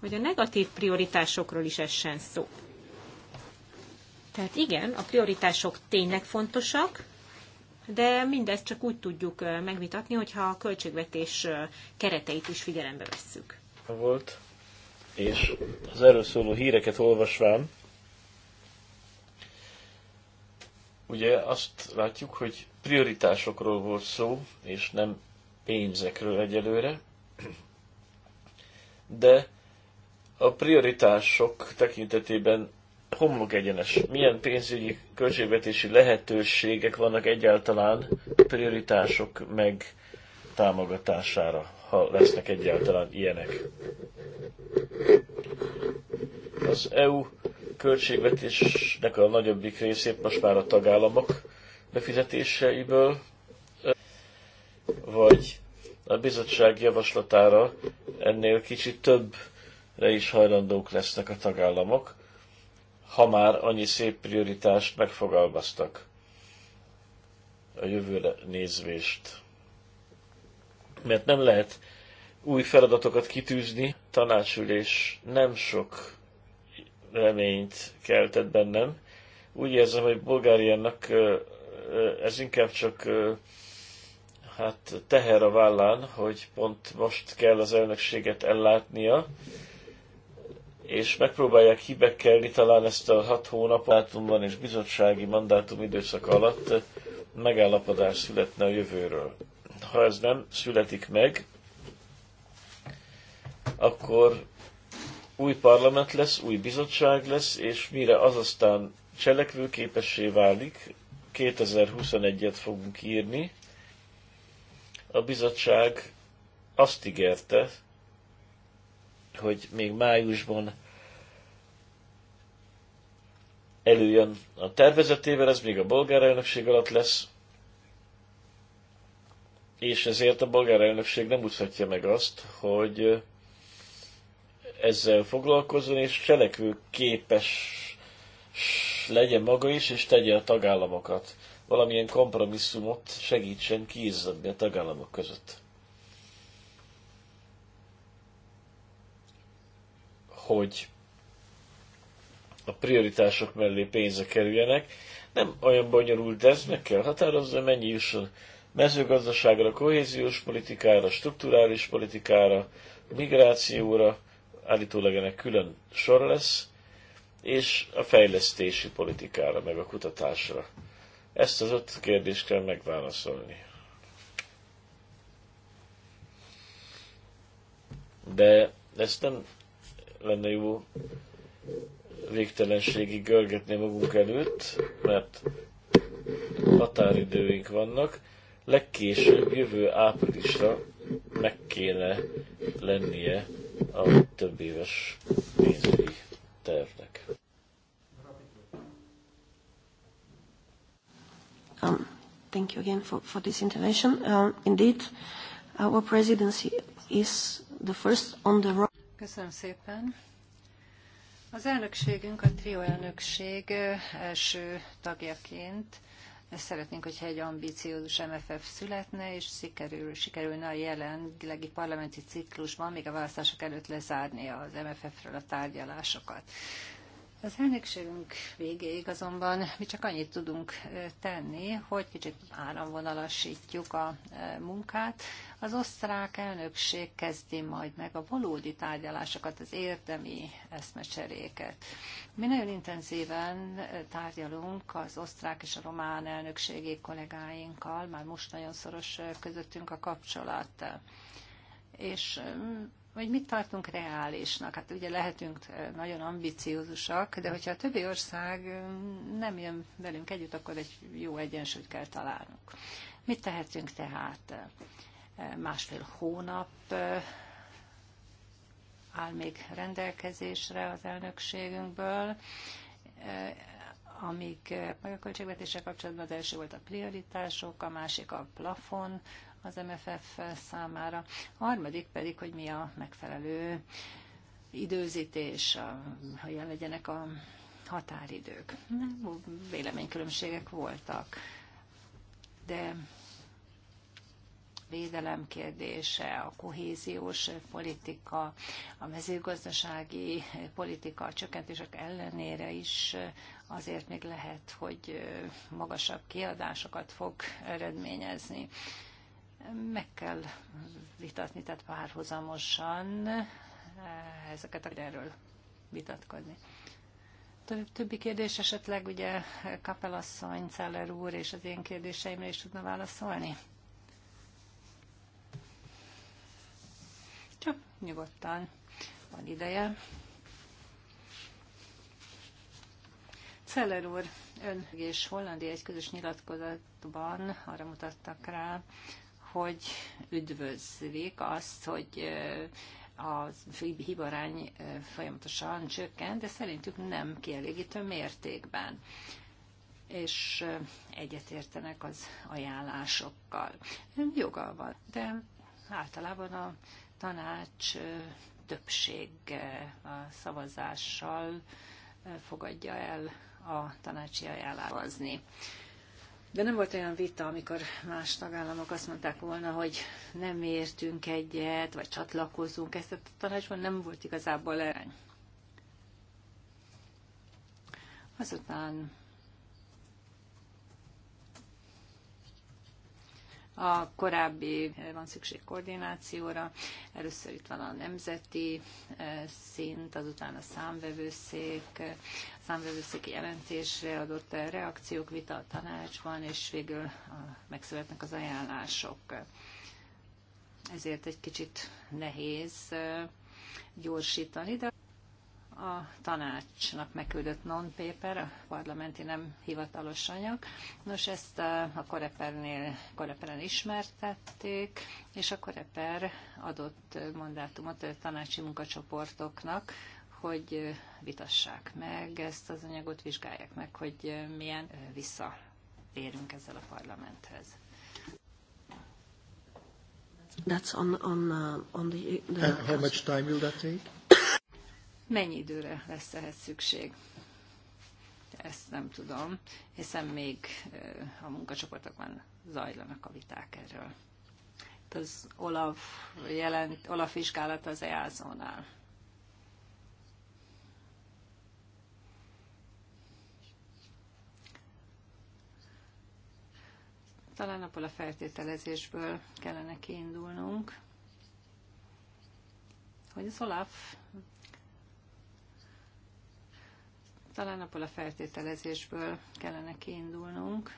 hogy a negatív prioritásokról is essen szó. Tehát igen, a prioritások tényleg fontosak, de mindezt csak úgy tudjuk megvitatni, hogyha a költségvetés kereteit is figyelembe vesszük. Volt, és az erről szóló híreket olvasván Ugye azt látjuk, hogy prioritásokról volt szó, és nem pénzekről egyelőre, de a prioritások tekintetében homlok egyenes. Milyen pénzügyi költségvetési lehetőségek vannak egyáltalán prioritások meg támogatására, ha lesznek egyáltalán ilyenek? Az EU költségvetésnek a nagyobbik részét most már a tagállamok befizetéseiből, vagy a bizottság javaslatára ennél kicsit többre is hajlandók lesznek a tagállamok, ha már annyi szép prioritást megfogalmaztak a jövőre nézvést. Mert nem lehet új feladatokat kitűzni, tanácsülés nem sok reményt keltett bennem. Úgy érzem, hogy Bulgáriának ez inkább csak hát teher a vállán, hogy pont most kell az elnökséget ellátnia, és megpróbálják hibekkelni talán ezt a hat hónap átumban és bizottsági mandátum időszak alatt megállapodás születne a jövőről. Ha ez nem születik meg, akkor új parlament lesz, új bizottság lesz, és mire az aztán cselekvőképessé válik, 2021-et fogunk írni. A bizottság azt ígérte, hogy még májusban előjön a tervezetével, ez még a bolgár elnökség alatt lesz, és ezért a bolgár elnökség nem úszhatja meg azt, hogy ezzel foglalkozzon, és cselekvő képes legyen maga is, és tegye a tagállamokat. Valamilyen kompromisszumot segítsen kiizzadni a tagállamok között. Hogy a prioritások mellé pénze kerüljenek. Nem olyan bonyolult ez, meg kell határozni, mennyi jusson mezőgazdaságra, kohéziós politikára, strukturális politikára, migrációra, állítólag ennek külön sor lesz, és a fejlesztési politikára, meg a kutatásra. Ezt az öt kérdést kell megválaszolni. De ezt nem lenne jó végtelenségig görgetni magunk előtt, mert határidőink vannak. Legkésőbb jövő áprilisra meg kéne lennie a több éves pénzügyi tervnek. Um, thank you again for, for this intervention. Um, indeed, our presidency is the first on the road. Köszönöm szépen. Az elnökségünk, a trio elnökség eh, első tagjaként Szeretnénk, hogyha egy ambíciózus MFF születne, és sikerül, sikerülne a jelenlegi parlamenti ciklusban, még a választások előtt lezárni az MFF-ről a tárgyalásokat. Az elnökségünk végéig azonban mi csak annyit tudunk tenni, hogy kicsit áramvonalasítjuk a munkát. Az osztrák elnökség kezdi majd meg a valódi tárgyalásokat, az érdemi eszmecseréket. Mi nagyon intenzíven tárgyalunk az osztrák és a román elnökségi kollégáinkkal, már most nagyon szoros közöttünk a kapcsolat. És hogy mit tartunk reálisnak. Hát ugye lehetünk nagyon ambiciózusak, de hogyha a többi ország nem jön velünk együtt, akkor egy jó egyensúlyt kell találnunk. Mit tehetünk tehát? Másfél hónap áll még rendelkezésre az elnökségünkből, amíg meg a költségvetéssel kapcsolatban az első volt a prioritások, a másik a plafon az MFF számára. A harmadik pedig, hogy mi a megfelelő időzítés, hogy legyenek a határidők. Véleménykülönbségek voltak, de védelem kérdése, a kohéziós politika, a mezőgazdasági politika a csökkentések ellenére is azért még lehet, hogy magasabb kiadásokat fog eredményezni meg kell vitatni, tehát párhuzamosan ezeket erről vitatkozni. Több, többi kérdés esetleg ugye Kapelasszony, Celler úr és az én kérdéseimre is tudna válaszolni? Csak nyugodtan van ideje. Celler úr, ön és Hollandi egy közös nyilatkozatban arra mutattak rá, hogy üdvözlik azt, hogy a hibarány folyamatosan csökkent, de szerintük nem kielégítő mértékben és egyetértenek az ajánlásokkal. Joga van, de általában a tanács többség a szavazással fogadja el a tanácsi ajánlást. De nem volt olyan vita, amikor más tagállamok azt mondták volna, hogy nem értünk egyet, vagy csatlakozunk. Ezt a tanácsban nem volt igazából erány. Azután a korábbi eh, van szükség koordinációra. Először itt van a nemzeti eh, szint, azután a számvevőszék, eh, a számvevőszéki jelentésre adott reakciók, vita a tanácsban, és végül megszületnek az ajánlások. Ezért egy kicsit nehéz gyorsítani, de a tanácsnak megküldött non-paper, a parlamenti nem hivatalos anyag. Nos, ezt eh, a Korepernél, Koreperen ismertették, és a Koreper adott mandátumot a tanácsi munkacsoportoknak, hogy eh, vitassák meg ezt az anyagot, vizsgálják meg, hogy eh, milyen visszatérünk ezzel a parlamenthez. That's on, on, uh, on the, the... how much time will that take? Mennyi időre lesz ehhez szükség? Ezt nem tudom, hiszen még a munkacsoportokban zajlanak a viták erről. Itt az Olaf, jelent, Olaf vizsgálat az EASO-nál. talán abból a feltételezésből kellene kiindulnunk, hogy az Olaf talán abból a feltételezésből kellene kiindulnunk,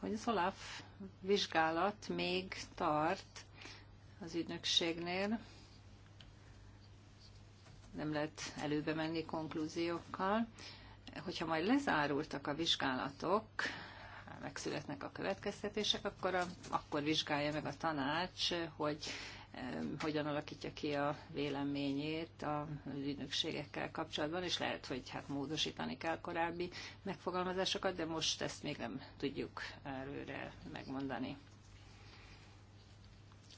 hogy az Olaf vizsgálat még tart az ügynökségnél, nem lehet előbe menni konklúziókkal. Hogyha majd lezárultak a vizsgálatok, megszületnek a következtetések, akkor, a, akkor vizsgálja meg a tanács, hogy hogyan alakítja ki a véleményét a ügynökségekkel kapcsolatban, és lehet, hogy hát módosítani kell korábbi megfogalmazásokat, de most ezt még nem tudjuk előre megmondani.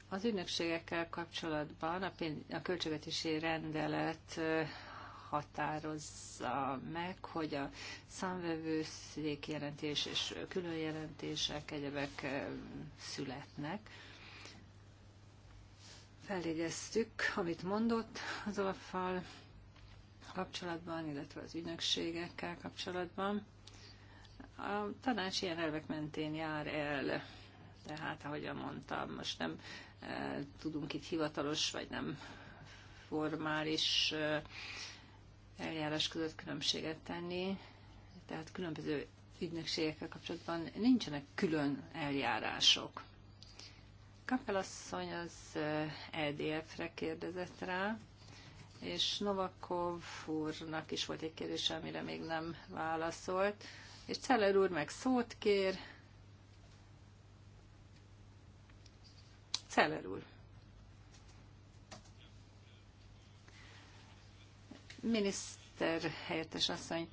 Az ügynökségekkel kapcsolatban a, pénz, a költségvetési rendelet határozza meg, hogy a számvevőszék jelentés és külön jelentések egyebek születnek feljegyeztük, amit mondott az alfal kapcsolatban, illetve az ügynökségekkel kapcsolatban. A tanács ilyen elvek mentén jár el, tehát ahogyan mondtam, most nem e, tudunk itt hivatalos vagy nem formális e, eljárás között különbséget tenni, tehát különböző ügynökségekkel kapcsolatban nincsenek külön eljárások. Kapelasszony az EDF-re kérdezett rá, és Novakov úrnak is volt egy kérdése, amire még nem válaszolt, és Celler úr meg szót kér. Celler úr. Miniszter helyettes asszony,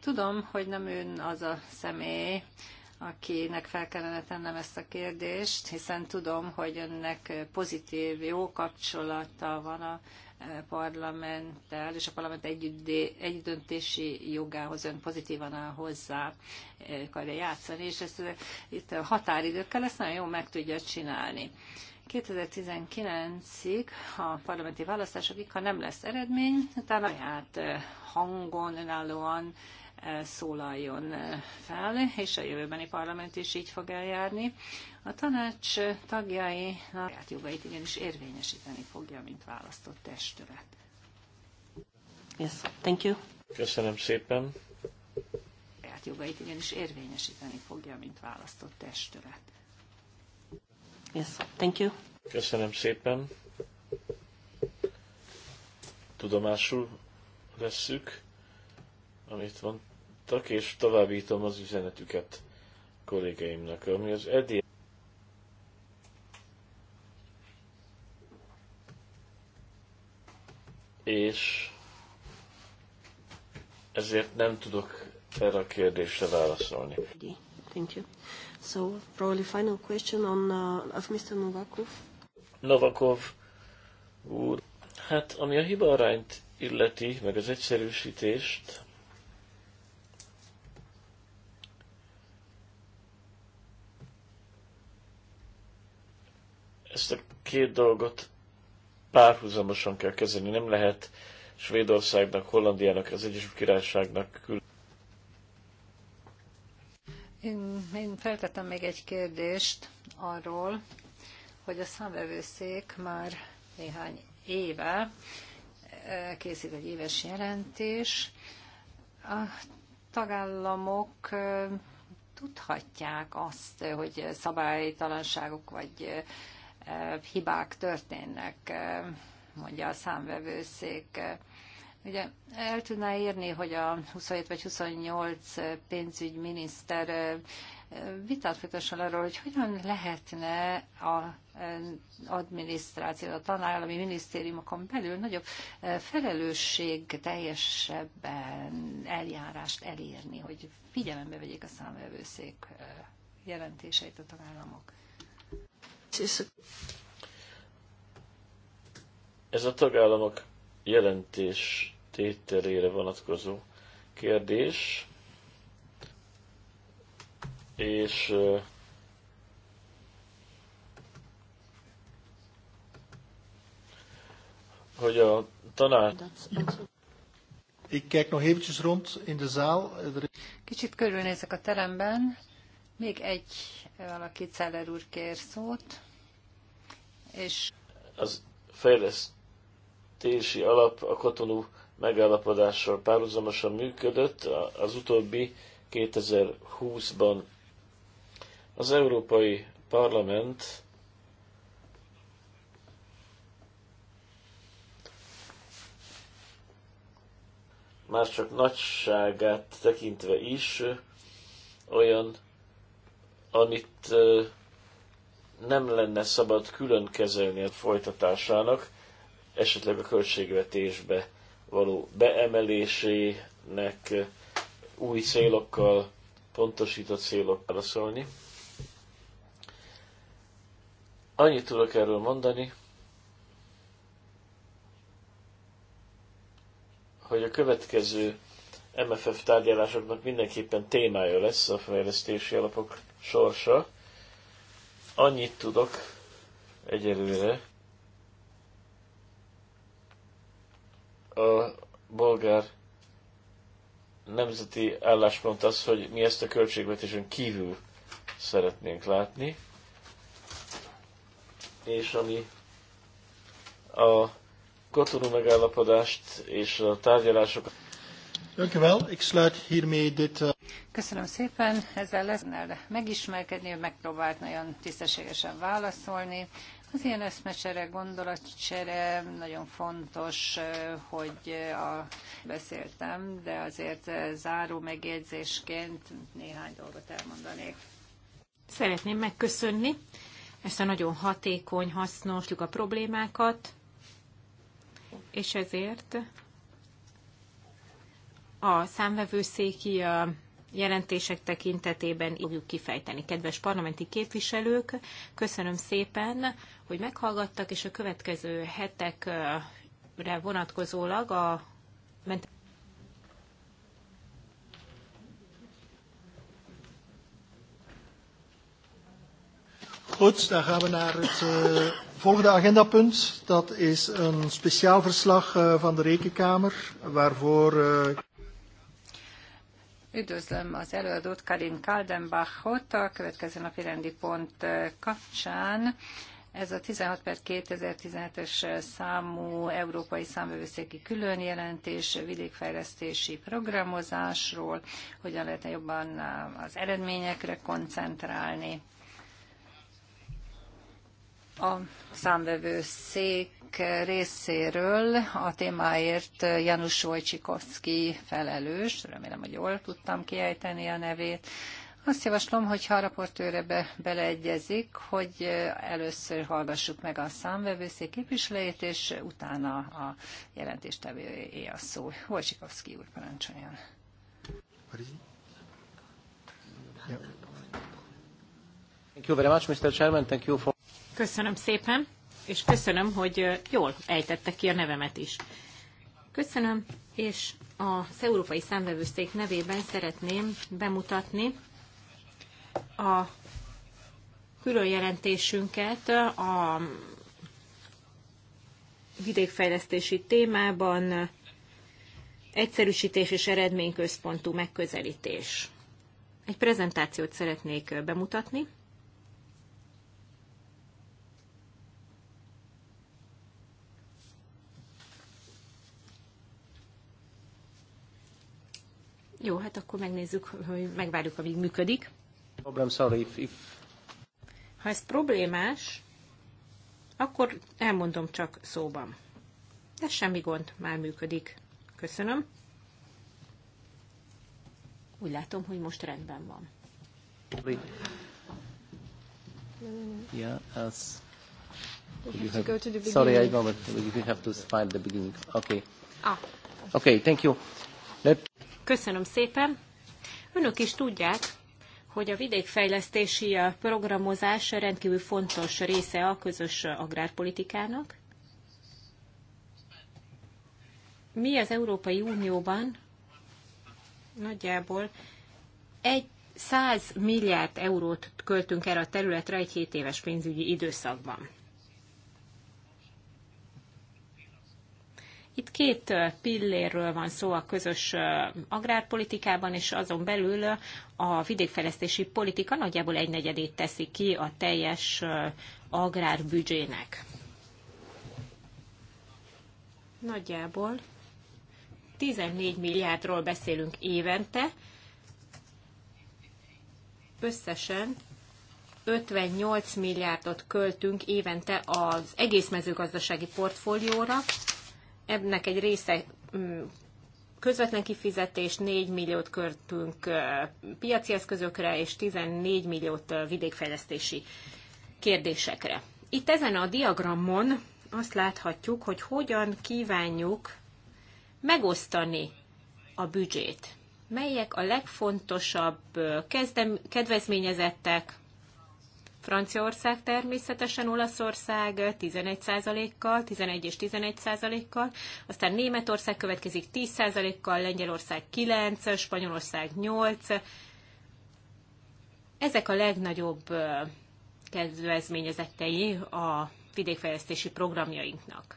tudom, hogy nem ön az a személy, akinek fel kellene tennem ezt a kérdést, hiszen tudom, hogy önnek pozitív, jó kapcsolata van a eh, parlamenttel, és a parlament együttdöntési jogához ön pozitívan áll hozzá, eh, akarja játszani, és ezt eh, itt a határidőkkel ezt nagyon jól meg tudja csinálni. 2019-ig, a parlamenti választásokig, ha nem lesz eredmény, utána hát hangon, önállóan szólaljon eh, fel, és a jövőbeni parlament is így fog eljárni. A tanács tagjai a saját jogait igenis érvényesíteni fogja, mint választott testület. Yes, thank you. Köszönöm szépen. A saját jogait igenis érvényesíteni fogja, mint választott testület. Yes, thank you. Köszönöm szépen. Tudomásul vesszük amit mondtak, és továbbítom az üzenetüket kollégáimnak, ami az eddig és ezért nem tudok erre a kérdésre válaszolni. Thank you. So, probably final question on, uh, of Mr. Novakov. Novakov úr, hát ami a hiba arányt illeti, meg az egyszerűsítést, két dolgot párhuzamosan kell kezelni. Nem lehet Svédországnak, Hollandiának, az Egyesült Királyságnak külön én, én feltettem még egy kérdést arról, hogy a számvevőszék már néhány éve eh, készít egy éves jelentés. A tagállamok eh, tudhatják azt, hogy szabálytalanságok vagy eh, hibák történnek, mondja a számvevőszék. Ugye el tudná írni, hogy a 27 vagy 28 pénzügyminiszter vitát folytasson arról, hogy hogyan lehetne a adminisztráció, a tanállami minisztériumokon belül nagyobb felelősség teljesebben eljárást elérni, hogy figyelembe vegyék a számvevőszék jelentéseit a tagállamok. Ez a tagállamok jelentés tételére vonatkozó kérdés, és hogy a tanár... Ik kijk nog eventjes rond in de zaal. Er Kicsit körülnézek a teremben. Még egy valaki Celler úr kér szót és az fejlesztési alap a kotonú megállapodással párhuzamosan működött, az utóbbi 2020-ban. Az Európai Parlament már csak nagyságát tekintve is olyan, amit nem lenne szabad külön kezelni a folytatásának, esetleg a költségvetésbe való beemelésének új célokkal, pontosított célokkal válaszolni. Annyit tudok erről mondani, hogy a következő MFF tárgyalásoknak mindenképpen témája lesz a fejlesztési alapok sorsa, Annyit tudok egyelőre a bolgár nemzeti álláspont az, hogy mi ezt a költségvetésen kívül szeretnénk látni, és ami a Kotonú megállapodást és a tárgyalásokat Eh, Köszönöm szépen, ezzel lesz megismerkedni, megpróbált nagyon tisztességesen válaszolni. Az ilyen eszmecsere, gondolatcsere nagyon fontos, eh, hogy eh, a, beszéltem, de azért záró megjegyzésként néhány dolgot elmondanék. Szeretném megköszönni ezt a nagyon hatékony, hasznos a problémákat, és ezért a számvevőszéki jelentések tekintetében fogjuk kifejteni. Kedves parlamenti képviselők, köszönöm szépen, hogy meghallgattak, és a következő hetekre vonatkozólag a Goed, dan gaan we naar het uh, volgende agendapunt. Dat is een speciaal verslag uh, van de Rekenkamer, waarvoor... Uh... Üdvözlöm az előadót Karin Kaldenbachot a következő napi rendi pont kapcsán. Ez a 16 per 2017-es számú európai számvevőszéki külön jelentés vidékfejlesztési programozásról, hogyan lehetne jobban az eredményekre koncentrálni a számvevőszék részéről a témáért Janusz Wojcikowski felelős, remélem, hogy jól tudtam kiejteni a nevét, azt javaslom, hogy ha a raportőre be, beleegyezik, hogy először hallgassuk meg a számvevőszék képviselőjét, és utána a jelentéstevőjé a szó. Wojcikowski úr parancsoljon. Thank you very much, Mr. Chairman. Thank you for... Köszönöm szépen, és köszönöm, hogy jól ejtette ki a nevemet is. Köszönöm, és az Európai Számvevőszék nevében szeretném bemutatni a különjelentésünket a vidékfejlesztési témában egyszerűsítés és eredményközpontú megközelítés. Egy prezentációt szeretnék bemutatni, Jó, hát akkor megnézzük, hogy megvárjuk, amíg működik. Problem, sorry, if, if... Ha ez problémás, akkor elmondom csak szóban. De semmi gond, már működik. Köszönöm. Úgy látom, hogy most rendben van. Yeah, as you have, go to the sorry, I moment. You have to find the beginning. Okay. Ah. Okay, thank you. Let Köszönöm szépen. Önök is tudják, hogy a vidékfejlesztési eh, programozás rendkívül fontos része a közös eh, agrárpolitikának. Mi az Európai Unióban nagyjából egy 100 milliárd eurót költünk erre a területre egy 7 éves pénzügyi időszakban. Itt két pillérről van szó a közös agrárpolitikában, és azon belül a vidékfejlesztési politika nagyjából egy negyedét teszi ki a teljes agrárbüdzsének. Nagyjából 14 milliárdról beszélünk évente, összesen 58 milliárdot költünk évente az egész mezőgazdasági portfólióra, ennek egy része mm, közvetlen kifizetés, 4 milliót költünk piaci eszközökre, és 14 milliót vidékfejlesztési kérdésekre. Itt ezen a diagramon azt láthatjuk, hogy hogyan kívánjuk megosztani a büdzsét. Melyek a legfontosabb kezdem, kedvezményezettek, Franciaország természetesen, Olaszország 11%-kal, 11 és 11%-kal, aztán Németország következik 10%-kal, Lengyelország 9, Spanyolország 8. Ezek a legnagyobb kedvezményezettei a vidékfejlesztési programjainknak.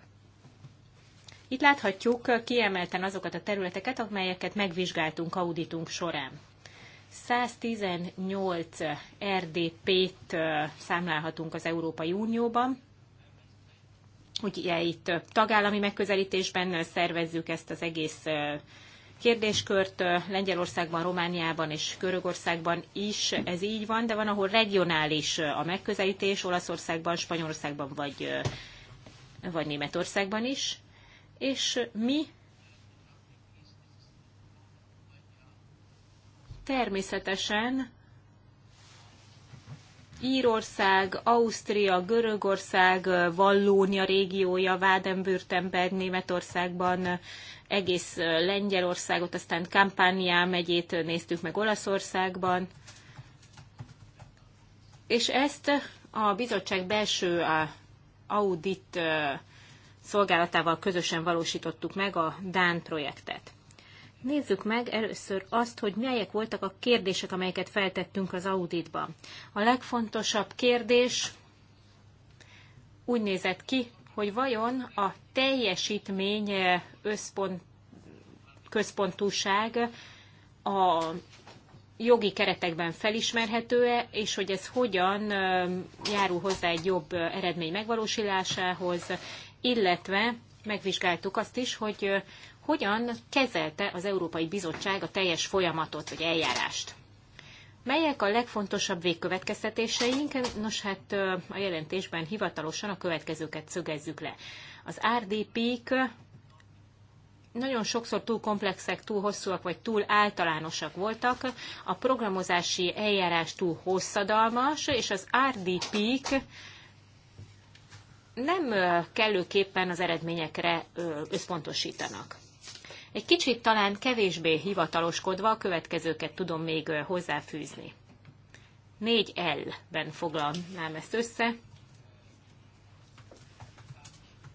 Itt láthatjuk kiemelten azokat a területeket, amelyeket megvizsgáltunk auditunk során. 118 RDP-t számlálhatunk az Európai Unióban. Ugye itt tagállami megközelítésben szervezzük ezt az egész kérdéskört Lengyelországban, Romániában és Görögországban is ez így van, de van, ahol regionális a megközelítés, Olaszországban, Spanyolországban vagy, vagy Németországban is. És mi természetesen Írország, Ausztria, Görögország, Vallónia régiója, Vádenbürtemberg, Németországban egész Lengyelországot, aztán Kampánia megyét néztük meg Olaszországban. És ezt a bizottság belső audit szolgálatával közösen valósítottuk meg a Dán projektet. Nézzük meg először azt, hogy melyek voltak a kérdések, amelyeket feltettünk az auditban. A legfontosabb kérdés úgy nézett ki, hogy vajon a teljesítmény eh, összpont, központúság a jogi keretekben felismerhető-e, és hogy ez hogyan eh, járul hozzá egy jobb eh, eredmény megvalósulásához, illetve megvizsgáltuk azt is, hogy hogyan kezelte az Európai Bizottság a teljes folyamatot vagy eljárást. Melyek a legfontosabb végkövetkeztetéseink? Nos, hát a jelentésben hivatalosan a következőket szögezzük le. Az rdp nagyon sokszor túl komplexek, túl hosszúak, vagy túl általánosak voltak. A programozási eljárás túl hosszadalmas, és az rdp nem kellőképpen az eredményekre összpontosítanak. Egy kicsit talán kevésbé hivataloskodva a következőket tudom még hozzáfűzni. 4L-ben foglalnám ezt össze.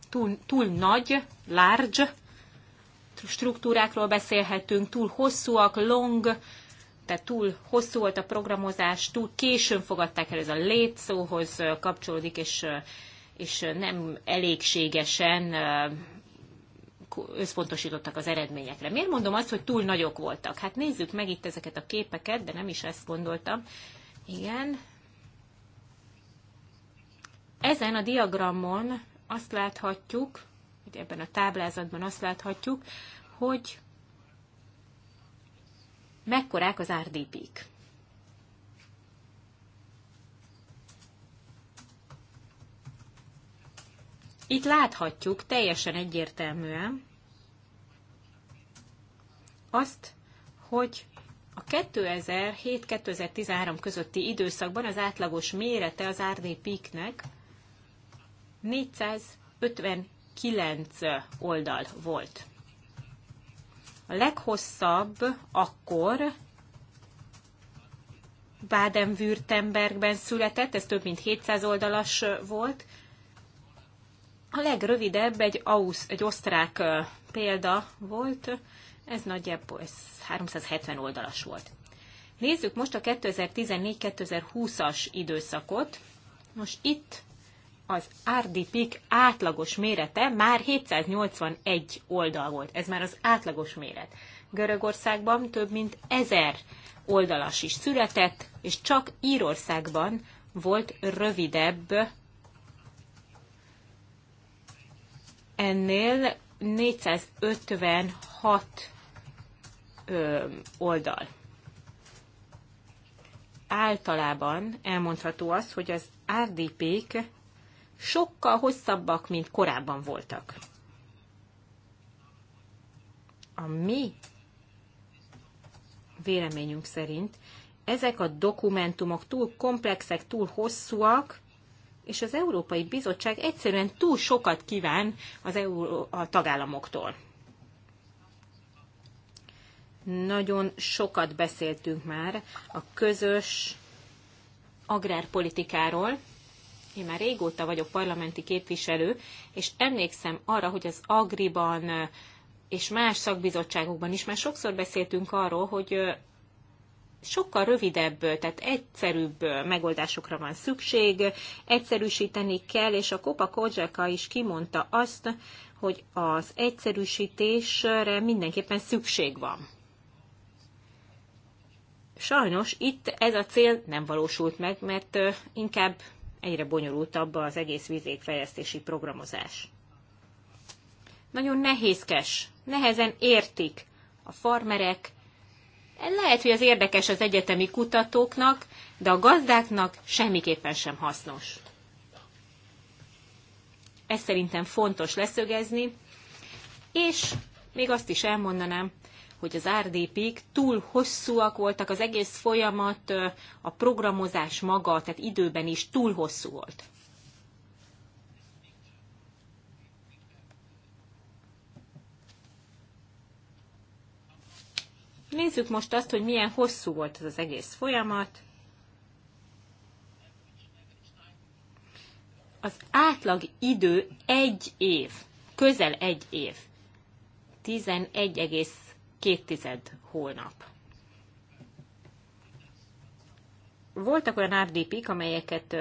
Túl, túl nagy, large struktúrákról beszélhetünk, túl hosszúak, long, tehát túl hosszú volt a programozás, túl későn fogadták el, ez a létszóhoz kapcsolódik, és, és nem elégségesen összpontosítottak az eredményekre. Miért mondom azt, hogy túl nagyok voltak? Hát nézzük meg itt ezeket a képeket, de nem is ezt gondoltam. Igen. Ezen a diagramon azt láthatjuk, hogy ebben a táblázatban azt láthatjuk, hogy mekkorák az RDP-k. Itt láthatjuk teljesen egyértelműen azt, hogy a 2007-2013 közötti időszakban az átlagos mérete az RD-piknek 459 oldal volt. A leghosszabb akkor Baden-Württembergben született, ez több mint 700 oldalas volt, a legrövidebb egy, ausz, egy osztrák példa volt, ez nagyjából ez 370 oldalas volt. Nézzük most a 2014-2020-as időszakot. Most itt az RDP átlagos mérete már 781 oldal volt. Ez már az átlagos méret. Görögországban több mint 1000 oldalas is született, és csak Írországban volt rövidebb ennél 456 ö, oldal. Általában elmondható az, hogy az RDP-k sokkal hosszabbak, mint korábban voltak. A mi véleményünk szerint ezek a dokumentumok túl komplexek, túl hosszúak, és az Európai Bizottság egyszerűen túl sokat kíván az EU a tagállamoktól. Nagyon sokat beszéltünk már a közös agrárpolitikáról. Én már régóta vagyok parlamenti képviselő, és emlékszem arra, hogy az Agriban és más szakbizottságokban is már sokszor beszéltünk arról, hogy sokkal rövidebb, tehát egyszerűbb megoldásokra van szükség, egyszerűsíteni kell, és a Kopa Kodzsaka is kimondta azt, hogy az egyszerűsítésre mindenképpen szükség van. Sajnos itt ez a cél nem valósult meg, mert inkább egyre bonyolultabb az egész vízékfejlesztési programozás. Nagyon nehézkes, nehezen értik a farmerek, lehet, hogy az érdekes az egyetemi kutatóknak, de a gazdáknak semmiképpen sem hasznos. Ez szerintem fontos leszögezni, és még azt is elmondanám, hogy az rdp túl hosszúak voltak, az egész folyamat, a programozás maga, tehát időben is túl hosszú volt. Nézzük most azt, hogy milyen hosszú volt ez az egész folyamat. Az átlag idő egy év, közel egy év, 11,2 hónap. Voltak olyan RDP-k, amelyeket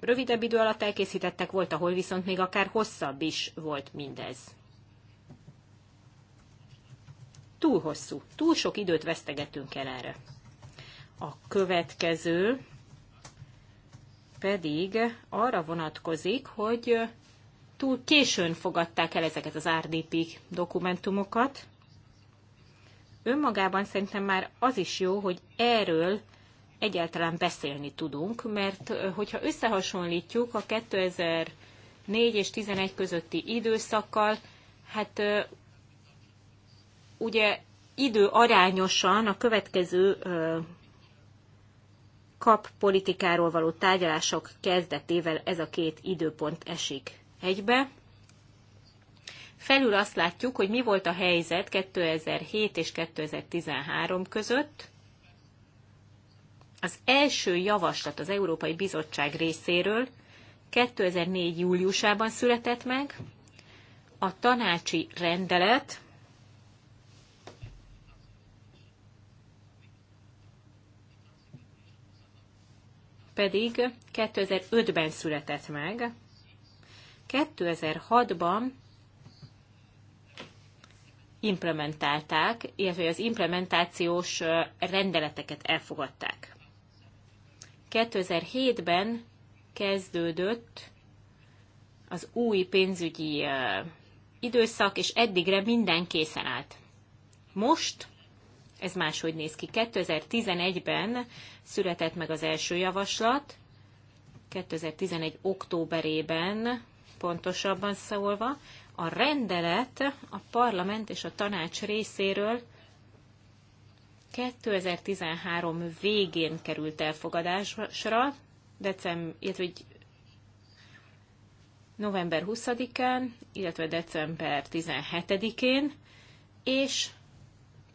rövidebb idő alatt elkészítettek, volt, ahol viszont még akár hosszabb is volt mindez. túl hosszú. Túl sok időt vesztegetünk el erre. A következő pedig arra vonatkozik, hogy túl későn fogadták el ezeket az RDP dokumentumokat. Önmagában szerintem már az is jó, hogy erről egyáltalán beszélni tudunk, mert hogyha összehasonlítjuk a 2004 és 11 közötti időszakkal, hát ugye idő arányosan a következő kap politikáról való tárgyalások kezdetével ez a két időpont esik egybe. Felül azt látjuk, hogy mi volt a helyzet 2007 és 2013 között. Az első javaslat az Európai Bizottság részéről 2004. júliusában született meg, a tanácsi rendelet pedig 2005-ben született meg. 2006-ban implementálták, illetve az implementációs rendeleteket elfogadták. 2007-ben kezdődött az új pénzügyi időszak, és eddigre minden készen állt. Most ez máshogy néz ki. 2011-ben született meg az első javaslat, 2011. októberében pontosabban szólva, a rendelet a parlament és a tanács részéről 2013 végén került elfogadásra, december, illetve november 20-án, illetve december 17-én, és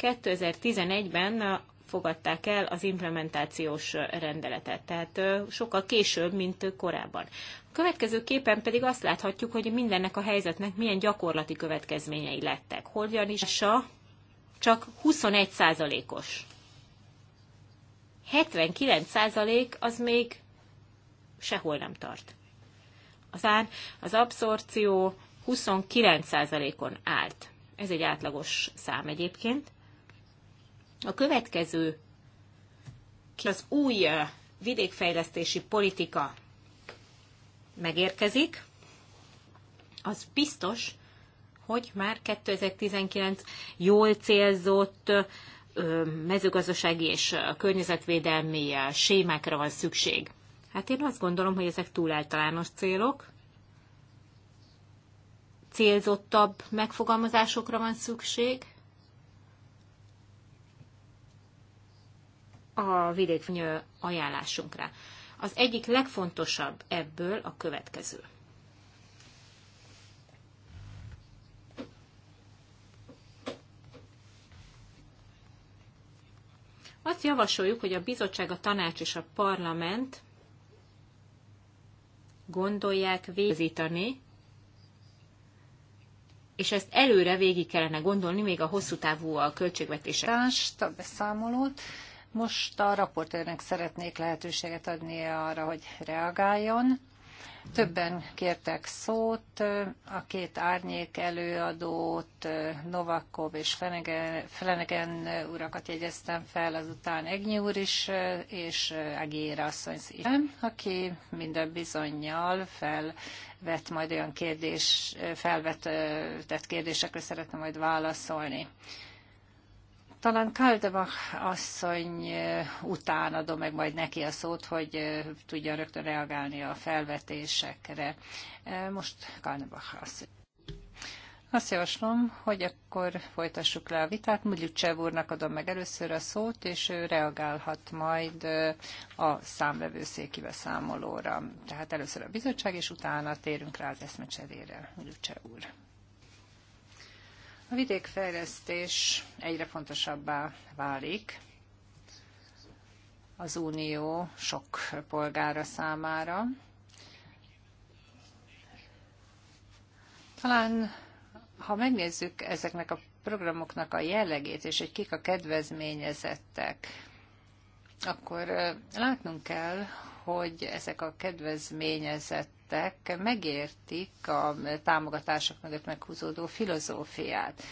2011-ben fogadták el az implementációs rendeletet, tehát sokkal később, mint korábban. A következő képen pedig azt láthatjuk, hogy mindennek a helyzetnek milyen gyakorlati következményei lettek. Hogyan is a csak 21 százalékos. 79 százalék az még sehol nem tart. Azán az abszorció 29 százalékon állt. Ez egy átlagos szám egyébként. A következő az új vidékfejlesztési politika megérkezik, az biztos, hogy már 2019 jól célzott mezőgazdasági és környezetvédelmi sémákra van szükség. Hát én azt gondolom, hogy ezek túl általános célok. Célzottabb megfogalmazásokra van szükség, a vidékfony ajánlásunkra. Az egyik legfontosabb ebből a következő. Azt javasoljuk, hogy a bizottság, a tanács és a parlament gondolják végzítani, és ezt előre végig kellene gondolni még a hosszú távú a költségvetése. A beszámolót most a raportőrnek szeretnék lehetőséget adni arra, hogy reagáljon. Többen kértek szót, a két árnyék előadót, Novakov és Flanagan urakat jegyeztem fel, azután Egnyi úr is, és Agéra asszony szépen, aki minden bizonyal felvet majd olyan kérdés, felvetett kérdésekre szeretne majd válaszolni. Talán Kaldemach asszony után adom meg majd neki a szót, hogy tudja rögtön reagálni a felvetésekre. Most Kaldemach asszony. Azt javaslom, hogy akkor folytassuk le a vitát. Mudjucsev úrnak adom meg először a szót, és ő reagálhat majd a számvevőszéki beszámolóra. Tehát először a bizottság, és utána térünk rá az eszmecserére. Mudjucsev úr. A vidékfejlesztés egyre fontosabbá válik az Unió sok polgára számára. Talán, ha megnézzük ezeknek a programoknak a jellegét, és hogy kik a kedvezményezettek, akkor látnunk kell, hogy ezek a kedvezményezett érintettek megértik a támogatások mögött meghúzódó filozófiát.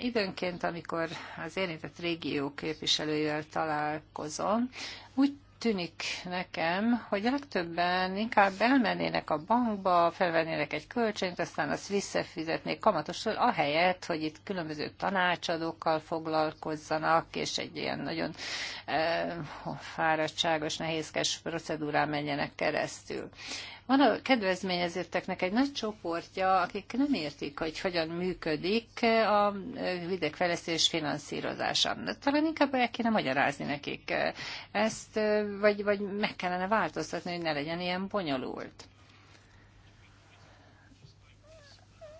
Időnként, amikor az érintett régió képviselőjével találkozom, úgy tűnik nekem, hogy a legtöbben inkább elmennének a bankba, felvennének egy kölcsönt, aztán azt visszafizetnék kamatosul, ahelyett, hogy itt különböző tanácsadókkal foglalkozzanak, és egy ilyen nagyon eh, fáradtságos, nehézkes procedúrán menjenek keresztül. Van a kedvezményezetteknek egy nagy csoportja, akik nem értik, hogy hogyan működik a vidékfejlesztés finanszírozása. Talán inkább el kéne magyarázni nekik ezt, vagy, vagy meg kellene változtatni, hogy ne legyen ilyen bonyolult.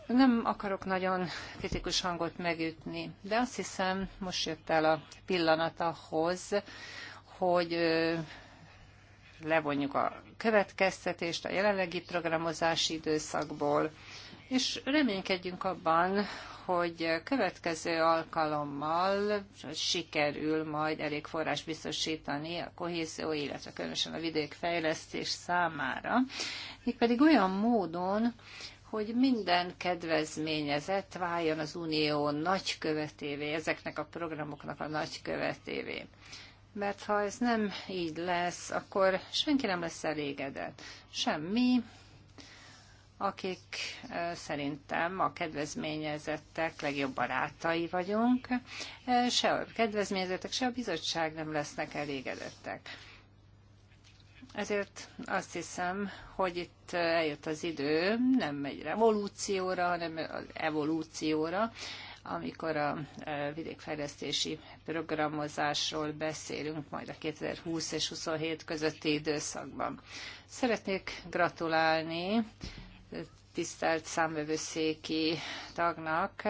Nem akarok nagyon kritikus hangot megütni, de azt hiszem, most jött el a pillanat ahhoz, hogy levonjuk a következtetést a jelenlegi programozási időszakból, és reménykedjünk abban, hogy következő alkalommal sikerül majd elég forrás biztosítani a kohézió, illetve különösen a vidékfejlesztés számára, mégpedig olyan módon, hogy minden kedvezményezett váljon az Unió nagykövetévé, ezeknek a programoknak a nagykövetévé mert ha ez nem így lesz, akkor senki nem lesz elégedett. Semmi, akik szerintem a kedvezményezettek legjobb barátai vagyunk. Se a kedvezményezettek, se a bizottság nem lesznek elégedettek. Ezért azt hiszem, hogy itt eljött az idő, nem egy revolúcióra, hanem az evolúcióra, amikor a e, vidékfejlesztési programozásról beszélünk majd a 2020 és 27 közötti időszakban. Szeretnék gratulálni tisztelt számvevőszéki tagnak,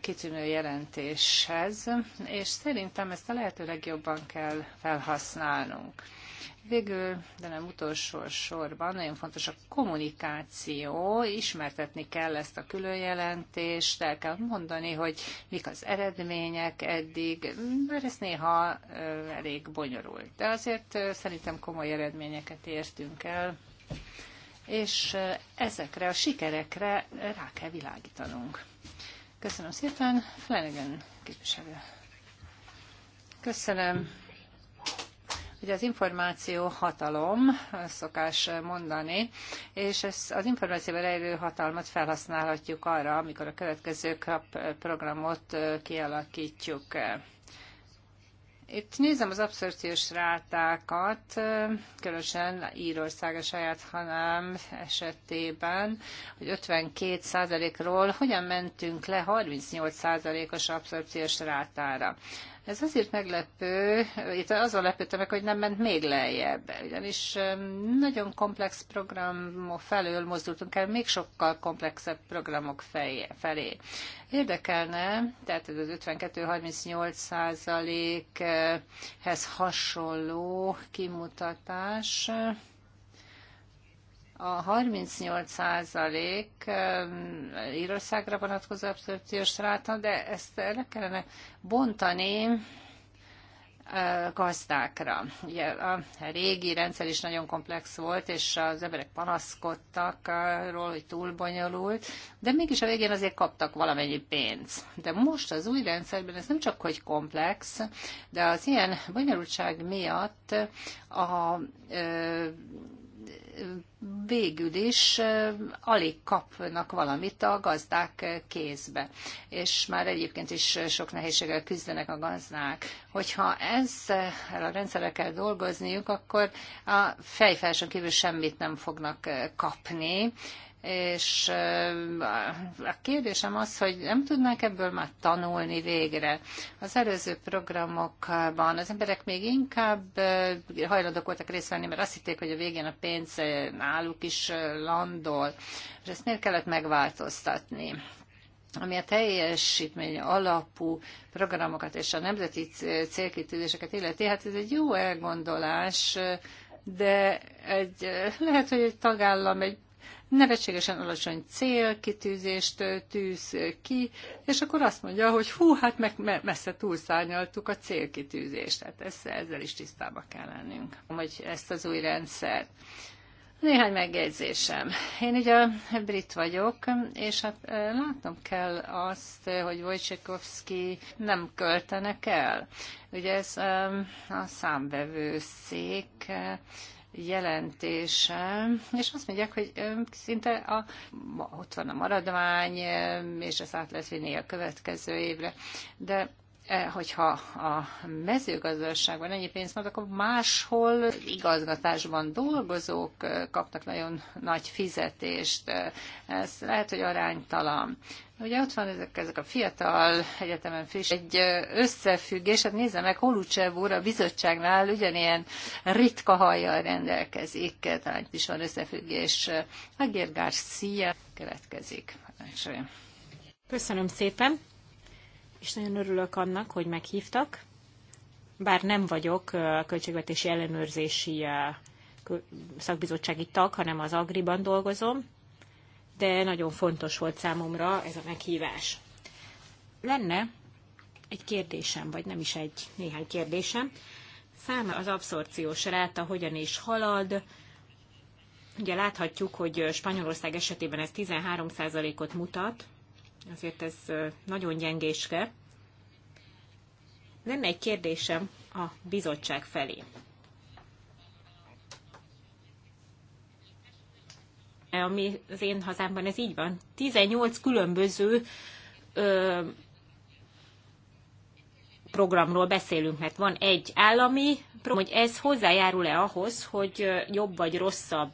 kitűnő jelentéshez, és szerintem ezt a lehető legjobban kell felhasználnunk. Végül, de nem utolsó sorban, nagyon fontos a kommunikáció, ismertetni kell ezt a különjelentést, el kell mondani, hogy mik az eredmények eddig, mert ez néha elég bonyolult. De azért szerintem komoly eredményeket értünk el, és ezekre a sikerekre rá kell világítanunk. Köszönöm szépen, Flanagan képviselő. Köszönöm. Ugye az információ hatalom, szokás mondani, és ezt az információban rejlő hatalmat felhasználhatjuk arra, amikor a következő KRAP programot kialakítjuk. Itt nézem az abszorciós rátákat, különösen Írország a saját hanem esetében, hogy 52%-ról hogyan mentünk le 38%-os abszorciós rátára. Ez azért meglepő, itt azon lepődtem meg, hogy nem ment még lejjebb, ugyanis nagyon komplex programok felől mozdultunk el még sokkal komplexebb programok felé. Érdekelne, tehát ez az 52-38 százalékhez hasonló kimutatás, a 38 százalék Írországra vonatkozó abszorpciós ráta, de ezt le kellene bontani gazdákra. Ugye a régi rendszer is nagyon komplex volt, és az emberek panaszkodtak róla, hogy túl bonyolult, de mégis a végén azért kaptak valamennyi pénzt. De most az új rendszerben ez nem csak hogy komplex, de az ilyen bonyolultság miatt a végül is alig kapnak valamit a gazdák kézbe. És már egyébként is sok nehézséggel küzdenek a gazdák. Hogyha ezzel a rendszerrel kell dolgozniuk, akkor a fejfelsőn kívül semmit nem fognak kapni, és a kérdésem az, hogy nem tudnánk ebből már tanulni végre. Az előző programokban az emberek még inkább hajlandók voltak részt venni, mert azt hitték, hogy a végén a pénz náluk is landol, és ezt miért kellett megváltoztatni? ami a teljesítmény alapú programokat és a nemzeti célkitűzéseket illeti, hát ez egy jó elgondolás, de egy, lehet, hogy egy tagállam egy nevetségesen alacsony célkitűzést tűz ki, és akkor azt mondja, hogy hú, hát meg messze túlszárnyaltuk a célkitűzést. Tehát ezzel, ezzel is tisztába kell lennünk, hogy ezt az új rendszert. Néhány megjegyzésem. Én ugye brit vagyok, és hát látnom kell azt, hogy Wojciechowski nem költenek el. Ugye ez a számvevőszék jelentése, és azt mondják, hogy szinte a, ott van a maradvány, és ezt át lehet vinni a következő évre, de E, hogyha a mezőgazdaságban ennyi pénzt adnak, akkor máshol igazgatásban dolgozók e, kapnak nagyon nagy fizetést. E, ez lehet, hogy aránytalan. Ugye ott van ezek, ezek a fiatal egyetemen friss, egy összefüggés, hát nézze meg, Holucsev úr a bizottságnál ugyanilyen ritka hajjal rendelkezik, talán is van összefüggés. Agér Garcia következik. Köszönöm szépen és nagyon örülök annak, hogy meghívtak, bár nem vagyok a költségvetési ellenőrzési szakbizottsági tag, hanem az Agriban dolgozom, de nagyon fontos volt számomra ez a meghívás. Lenne egy kérdésem, vagy nem is egy, néhány kérdésem. Száma az abszorciós ráta hogyan is halad? Ugye láthatjuk, hogy Spanyolország esetében ez 13%-ot mutat, azért ez nagyon gyengéske. Nem egy kérdésem a bizottság felé. E, ami az én hazámban ez így van. 18 különböző ö, programról beszélünk, mert van egy állami program, hogy ez hozzájárul-e ahhoz, hogy jobb vagy rosszabb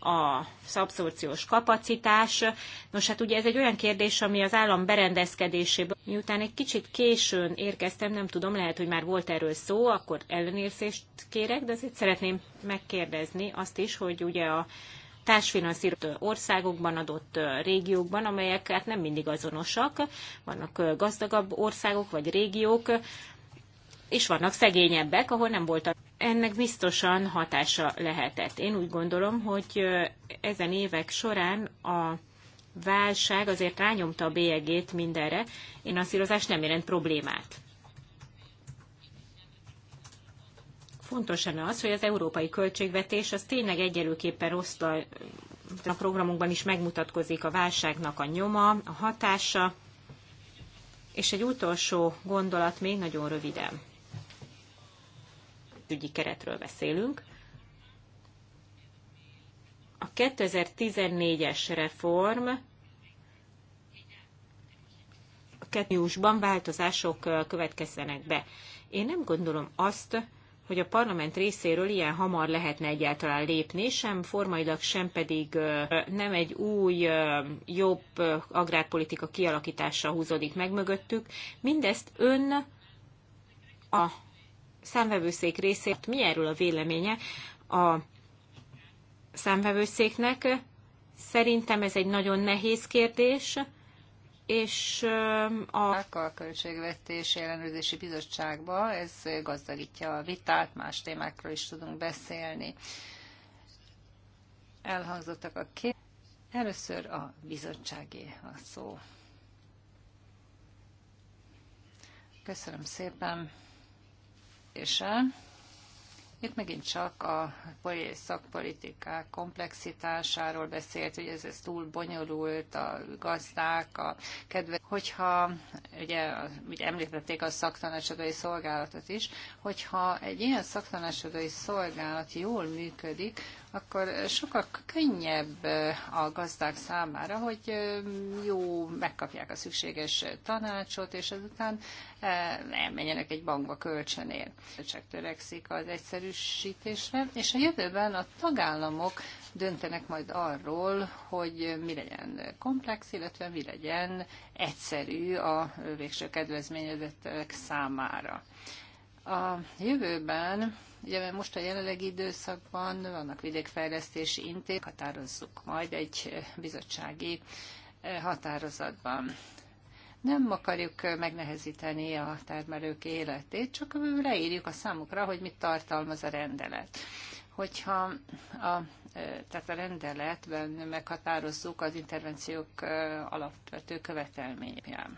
a szabszorciós kapacitás. Nos, hát ugye ez egy olyan kérdés, ami az állam berendezkedéséből. Miután egy kicsit későn érkeztem, nem tudom, lehet, hogy már volt erről szó, akkor ellenérzést kérek, de azért szeretném megkérdezni azt is, hogy ugye a társfinanszírozott országokban, adott régiókban, amelyek hát nem mindig azonosak, vannak gazdagabb országok vagy régiók, és vannak szegényebbek, ahol nem voltak ennek biztosan hatása lehetett. Én úgy gondolom, hogy ezen évek során a válság azért rányomta a bélyegét mindenre, én a szírozás nem jelent problémát. Fontos lenne az, hogy az európai költségvetés az tényleg egyelőképpen rossz a, a programunkban is megmutatkozik a válságnak a nyoma, a hatása. És egy utolsó gondolat még nagyon röviden pénzügyi keretről beszélünk. A 2014-es reform a kettőjúsban változások következzenek be. Én nem gondolom azt, hogy a parlament részéről ilyen hamar lehetne egyáltalán lépni, sem formailag, sem pedig nem egy új, jobb agrárpolitika kialakítása húzódik meg mögöttük. Mindezt ön a számvevőszék részét, mi erről a véleménye a számvevőszéknek. Szerintem ez egy nagyon nehéz kérdés, és a... a Költségvetés Ellenőrzési Bizottságba, ez gazdagítja a vitát, más témákról is tudunk beszélni. Elhangzottak a két. Először a bizottságé a szó. Köszönöm szépen kérdéssel. Itt megint csak a szakpolitikák komplexitásáról beszélt, hogy ez, ez túl bonyolult, a gazdák, a kedve. Hogyha, ugye, ugye említették a szaktanácsadói szolgálatot is, hogyha egy ilyen szaktanácsadói szolgálat jól működik, akkor sokkal könnyebb eh, a gazdák számára, hogy eh, jó, megkapják a szükséges tanácsot, és azután eh, elmenjenek egy bankba kölcsönél. Csak törekszik az egyszerűsítésre, és a jövőben a tagállamok döntenek majd arról, hogy mi legyen komplex, illetve mi legyen egyszerű a végső kedvezményezettek számára. A jövőben, ugye most a jelenlegi időszakban vannak vidékfejlesztési inték, határozzuk majd egy bizottsági eh, határozatban. Nem akarjuk eh, megnehezíteni a termelők életét, csak leírjuk a számukra, hogy mit tartalmaz a rendelet hogyha a, eh, tehát a rendeletben meghatározzuk az intervenciók alapvető követelményeket.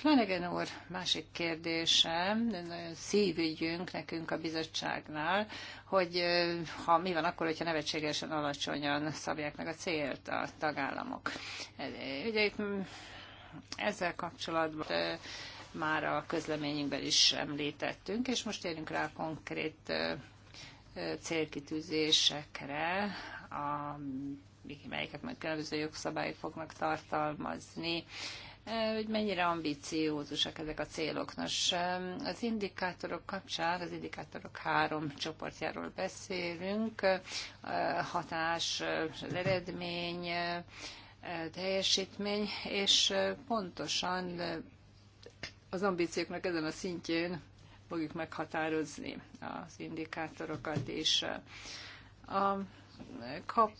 Flanagan úr, másik kérdésem, nagyon szívügyünk nekünk a bizottságnál, hogy ha mi van akkor, hogyha nevetségesen alacsonyan szabják meg a célt a tagállamok. E, ugye itt mm, ezzel kapcsolatban már a közleményünkben is említettünk, és most érünk rá konkrét célkitűzésekre, a, melyeket meg különböző jogszabályok fognak tartalmazni. Eh, hogy mennyire ambiciózusak ezek a célok. Nos, az indikátorok kapcsán, az indikátorok három csoportjáról beszélünk, eh, hatás, eh, az eredmény, teljesítmény, és pontosan az ambícióknak ezen a szintjén fogjuk meghatározni az indikátorokat, és a kap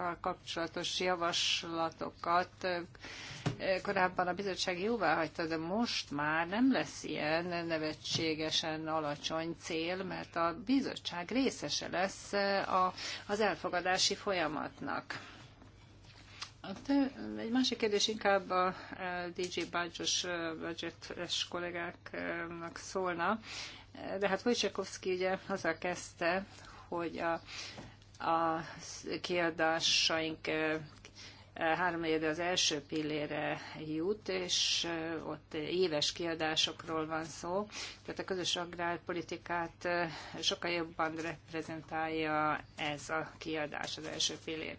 kal kapcsolatos javaslatokat korábban a bizottság jóvá hagyta, de most már nem lesz ilyen nevetségesen alacsony cél, mert a bizottság részese lesz a, az elfogadási folyamatnak. Egy másik kérdés inkább a DJ Bajos budgetes kollégáknak szólna, de hát Wojciechowski ugye azzal kezdte, hogy a a kiadásaink éve az első pillére jut, és ott éves kiadásokról van szó. Tehát a közös agrárpolitikát sokkal jobban reprezentálja ez a kiadás az első pillér.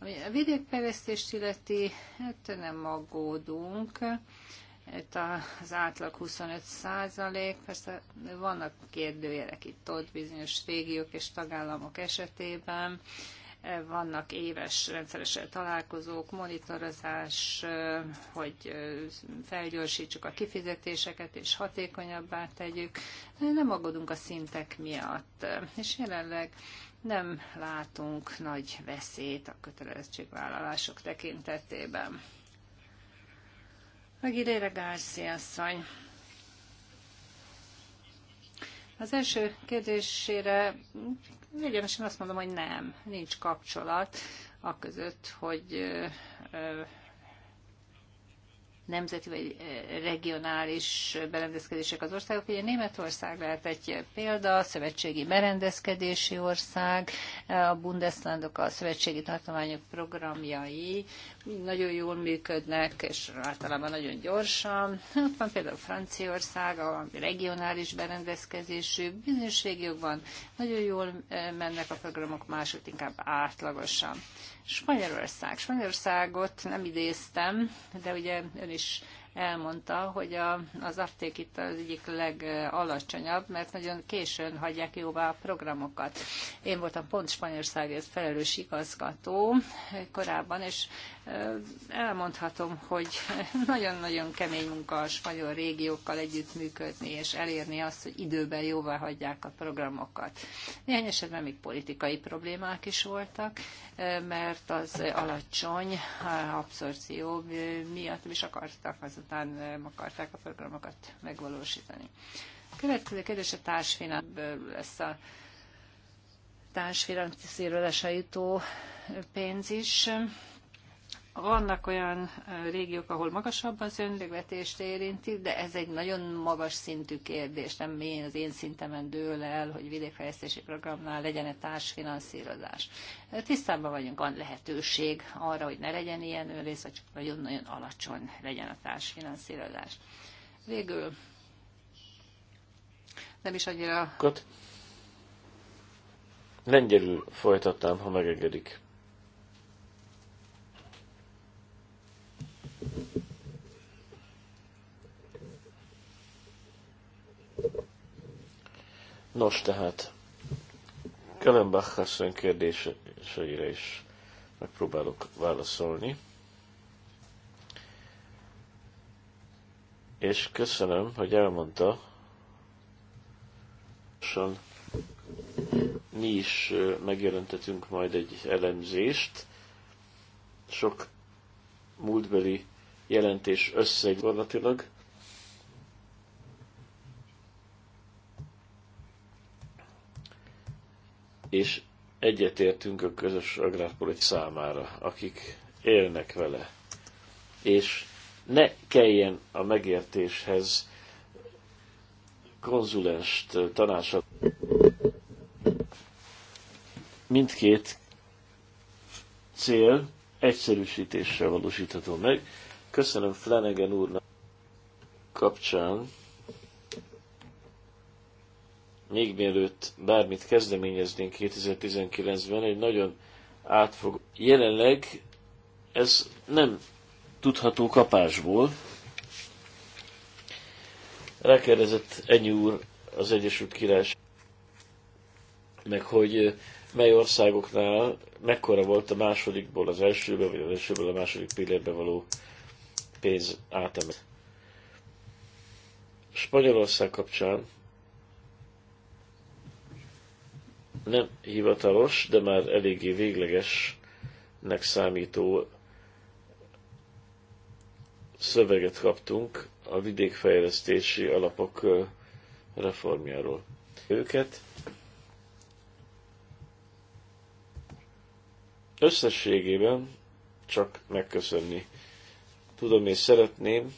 a vidékfejlesztést illeti, hát nem aggódunk. Itt az átlag 25 százalék, persze vannak kérdőjelek itt ott bizonyos régiók és tagállamok esetében, vannak éves rendszeresen találkozók, monitorozás, hogy felgyorsítsuk a kifizetéseket és hatékonyabbá tegyük. Nem aggódunk a szintek miatt, és jelenleg nem látunk nagy veszélyt a kötelezettségvállalások tekintetében. Megidére Gárci asszony. Az első kérdésére egyenesen azt mondom, hogy nem, nincs kapcsolat a között, hogy nemzeti vagy eh, regionális berendezkedések az országok. Ugye Németország lehet egy példa, a szövetségi berendezkedési ország, a Bundeslandok, a szövetségi tartományok programjai nagyon jól működnek, és általában nagyon gyorsan. Ott van például Franciaország, a regionális berendezkedésű bizonyos régiókban nagyon jól eh, mennek a programok, mások inkább átlagosan. Spanyolország. Spanyolországot nem idéztem, de ugye ön is elmondta, hogy a, az afték itt az egyik legalacsonyabb, mert nagyon későn hagyják jóvá a programokat. Én voltam pont Spanyolországért felelős igazgató korábban, és elmondhatom, hogy [LAUGHS] nagyon-nagyon kemény munka a spanyol régiókkal együttműködni, és elérni azt, hogy időben jóvá hagyják a programokat. Néhány esetben még politikai problémák is voltak, mert az alacsony abszorció miatt is akartak, azután akarták a programokat megvalósítani. A következő kérdés a társfinál lesz a társfinanszírozásra jutó pénz is. Vannak olyan régiók, ahol magasabb az önlegvetést érinti, de ez egy nagyon magas szintű kérdés, nem én, az én szintemen dől el, hogy vidékfejlesztési programnál legyen-e társfinanszírozás. Tisztában vagyunk, van lehetőség arra, hogy ne legyen ilyen önrész, vagy csak nagyon-nagyon alacsony legyen a társfinanszírozás. Végül nem is annyira... Lengyelül folytatnám, ha megengedik. Nos tehát, Kellenbach Hassan kérdéseire is megpróbálok válaszolni. És köszönöm, hogy elmondta, mi is megjelentetünk majd egy elemzést. Sok múltbeli jelentés összegorlatilag és egyetértünk a közös agrárpolitik számára, akik élnek vele. És ne kelljen a megértéshez konzulenst tanácsot. Mindkét cél egyszerűsítéssel valósítható meg. Köszönöm Flanagan úrnak kapcsán még mielőtt bármit kezdeményeznénk 2019-ben, egy nagyon átfog. Jelenleg ez nem tudható kapásból. Rákérdezett Ennyi úr az Egyesült Királyság, meg hogy mely országoknál mekkora volt a másodikból az elsőbe, vagy az elsőből a második pillérbe való pénz átemet. Spanyolország kapcsán nem hivatalos, de már eléggé véglegesnek számító szöveget kaptunk a vidékfejlesztési alapok reformjáról. Őket összességében csak megköszönni tudom és szeretném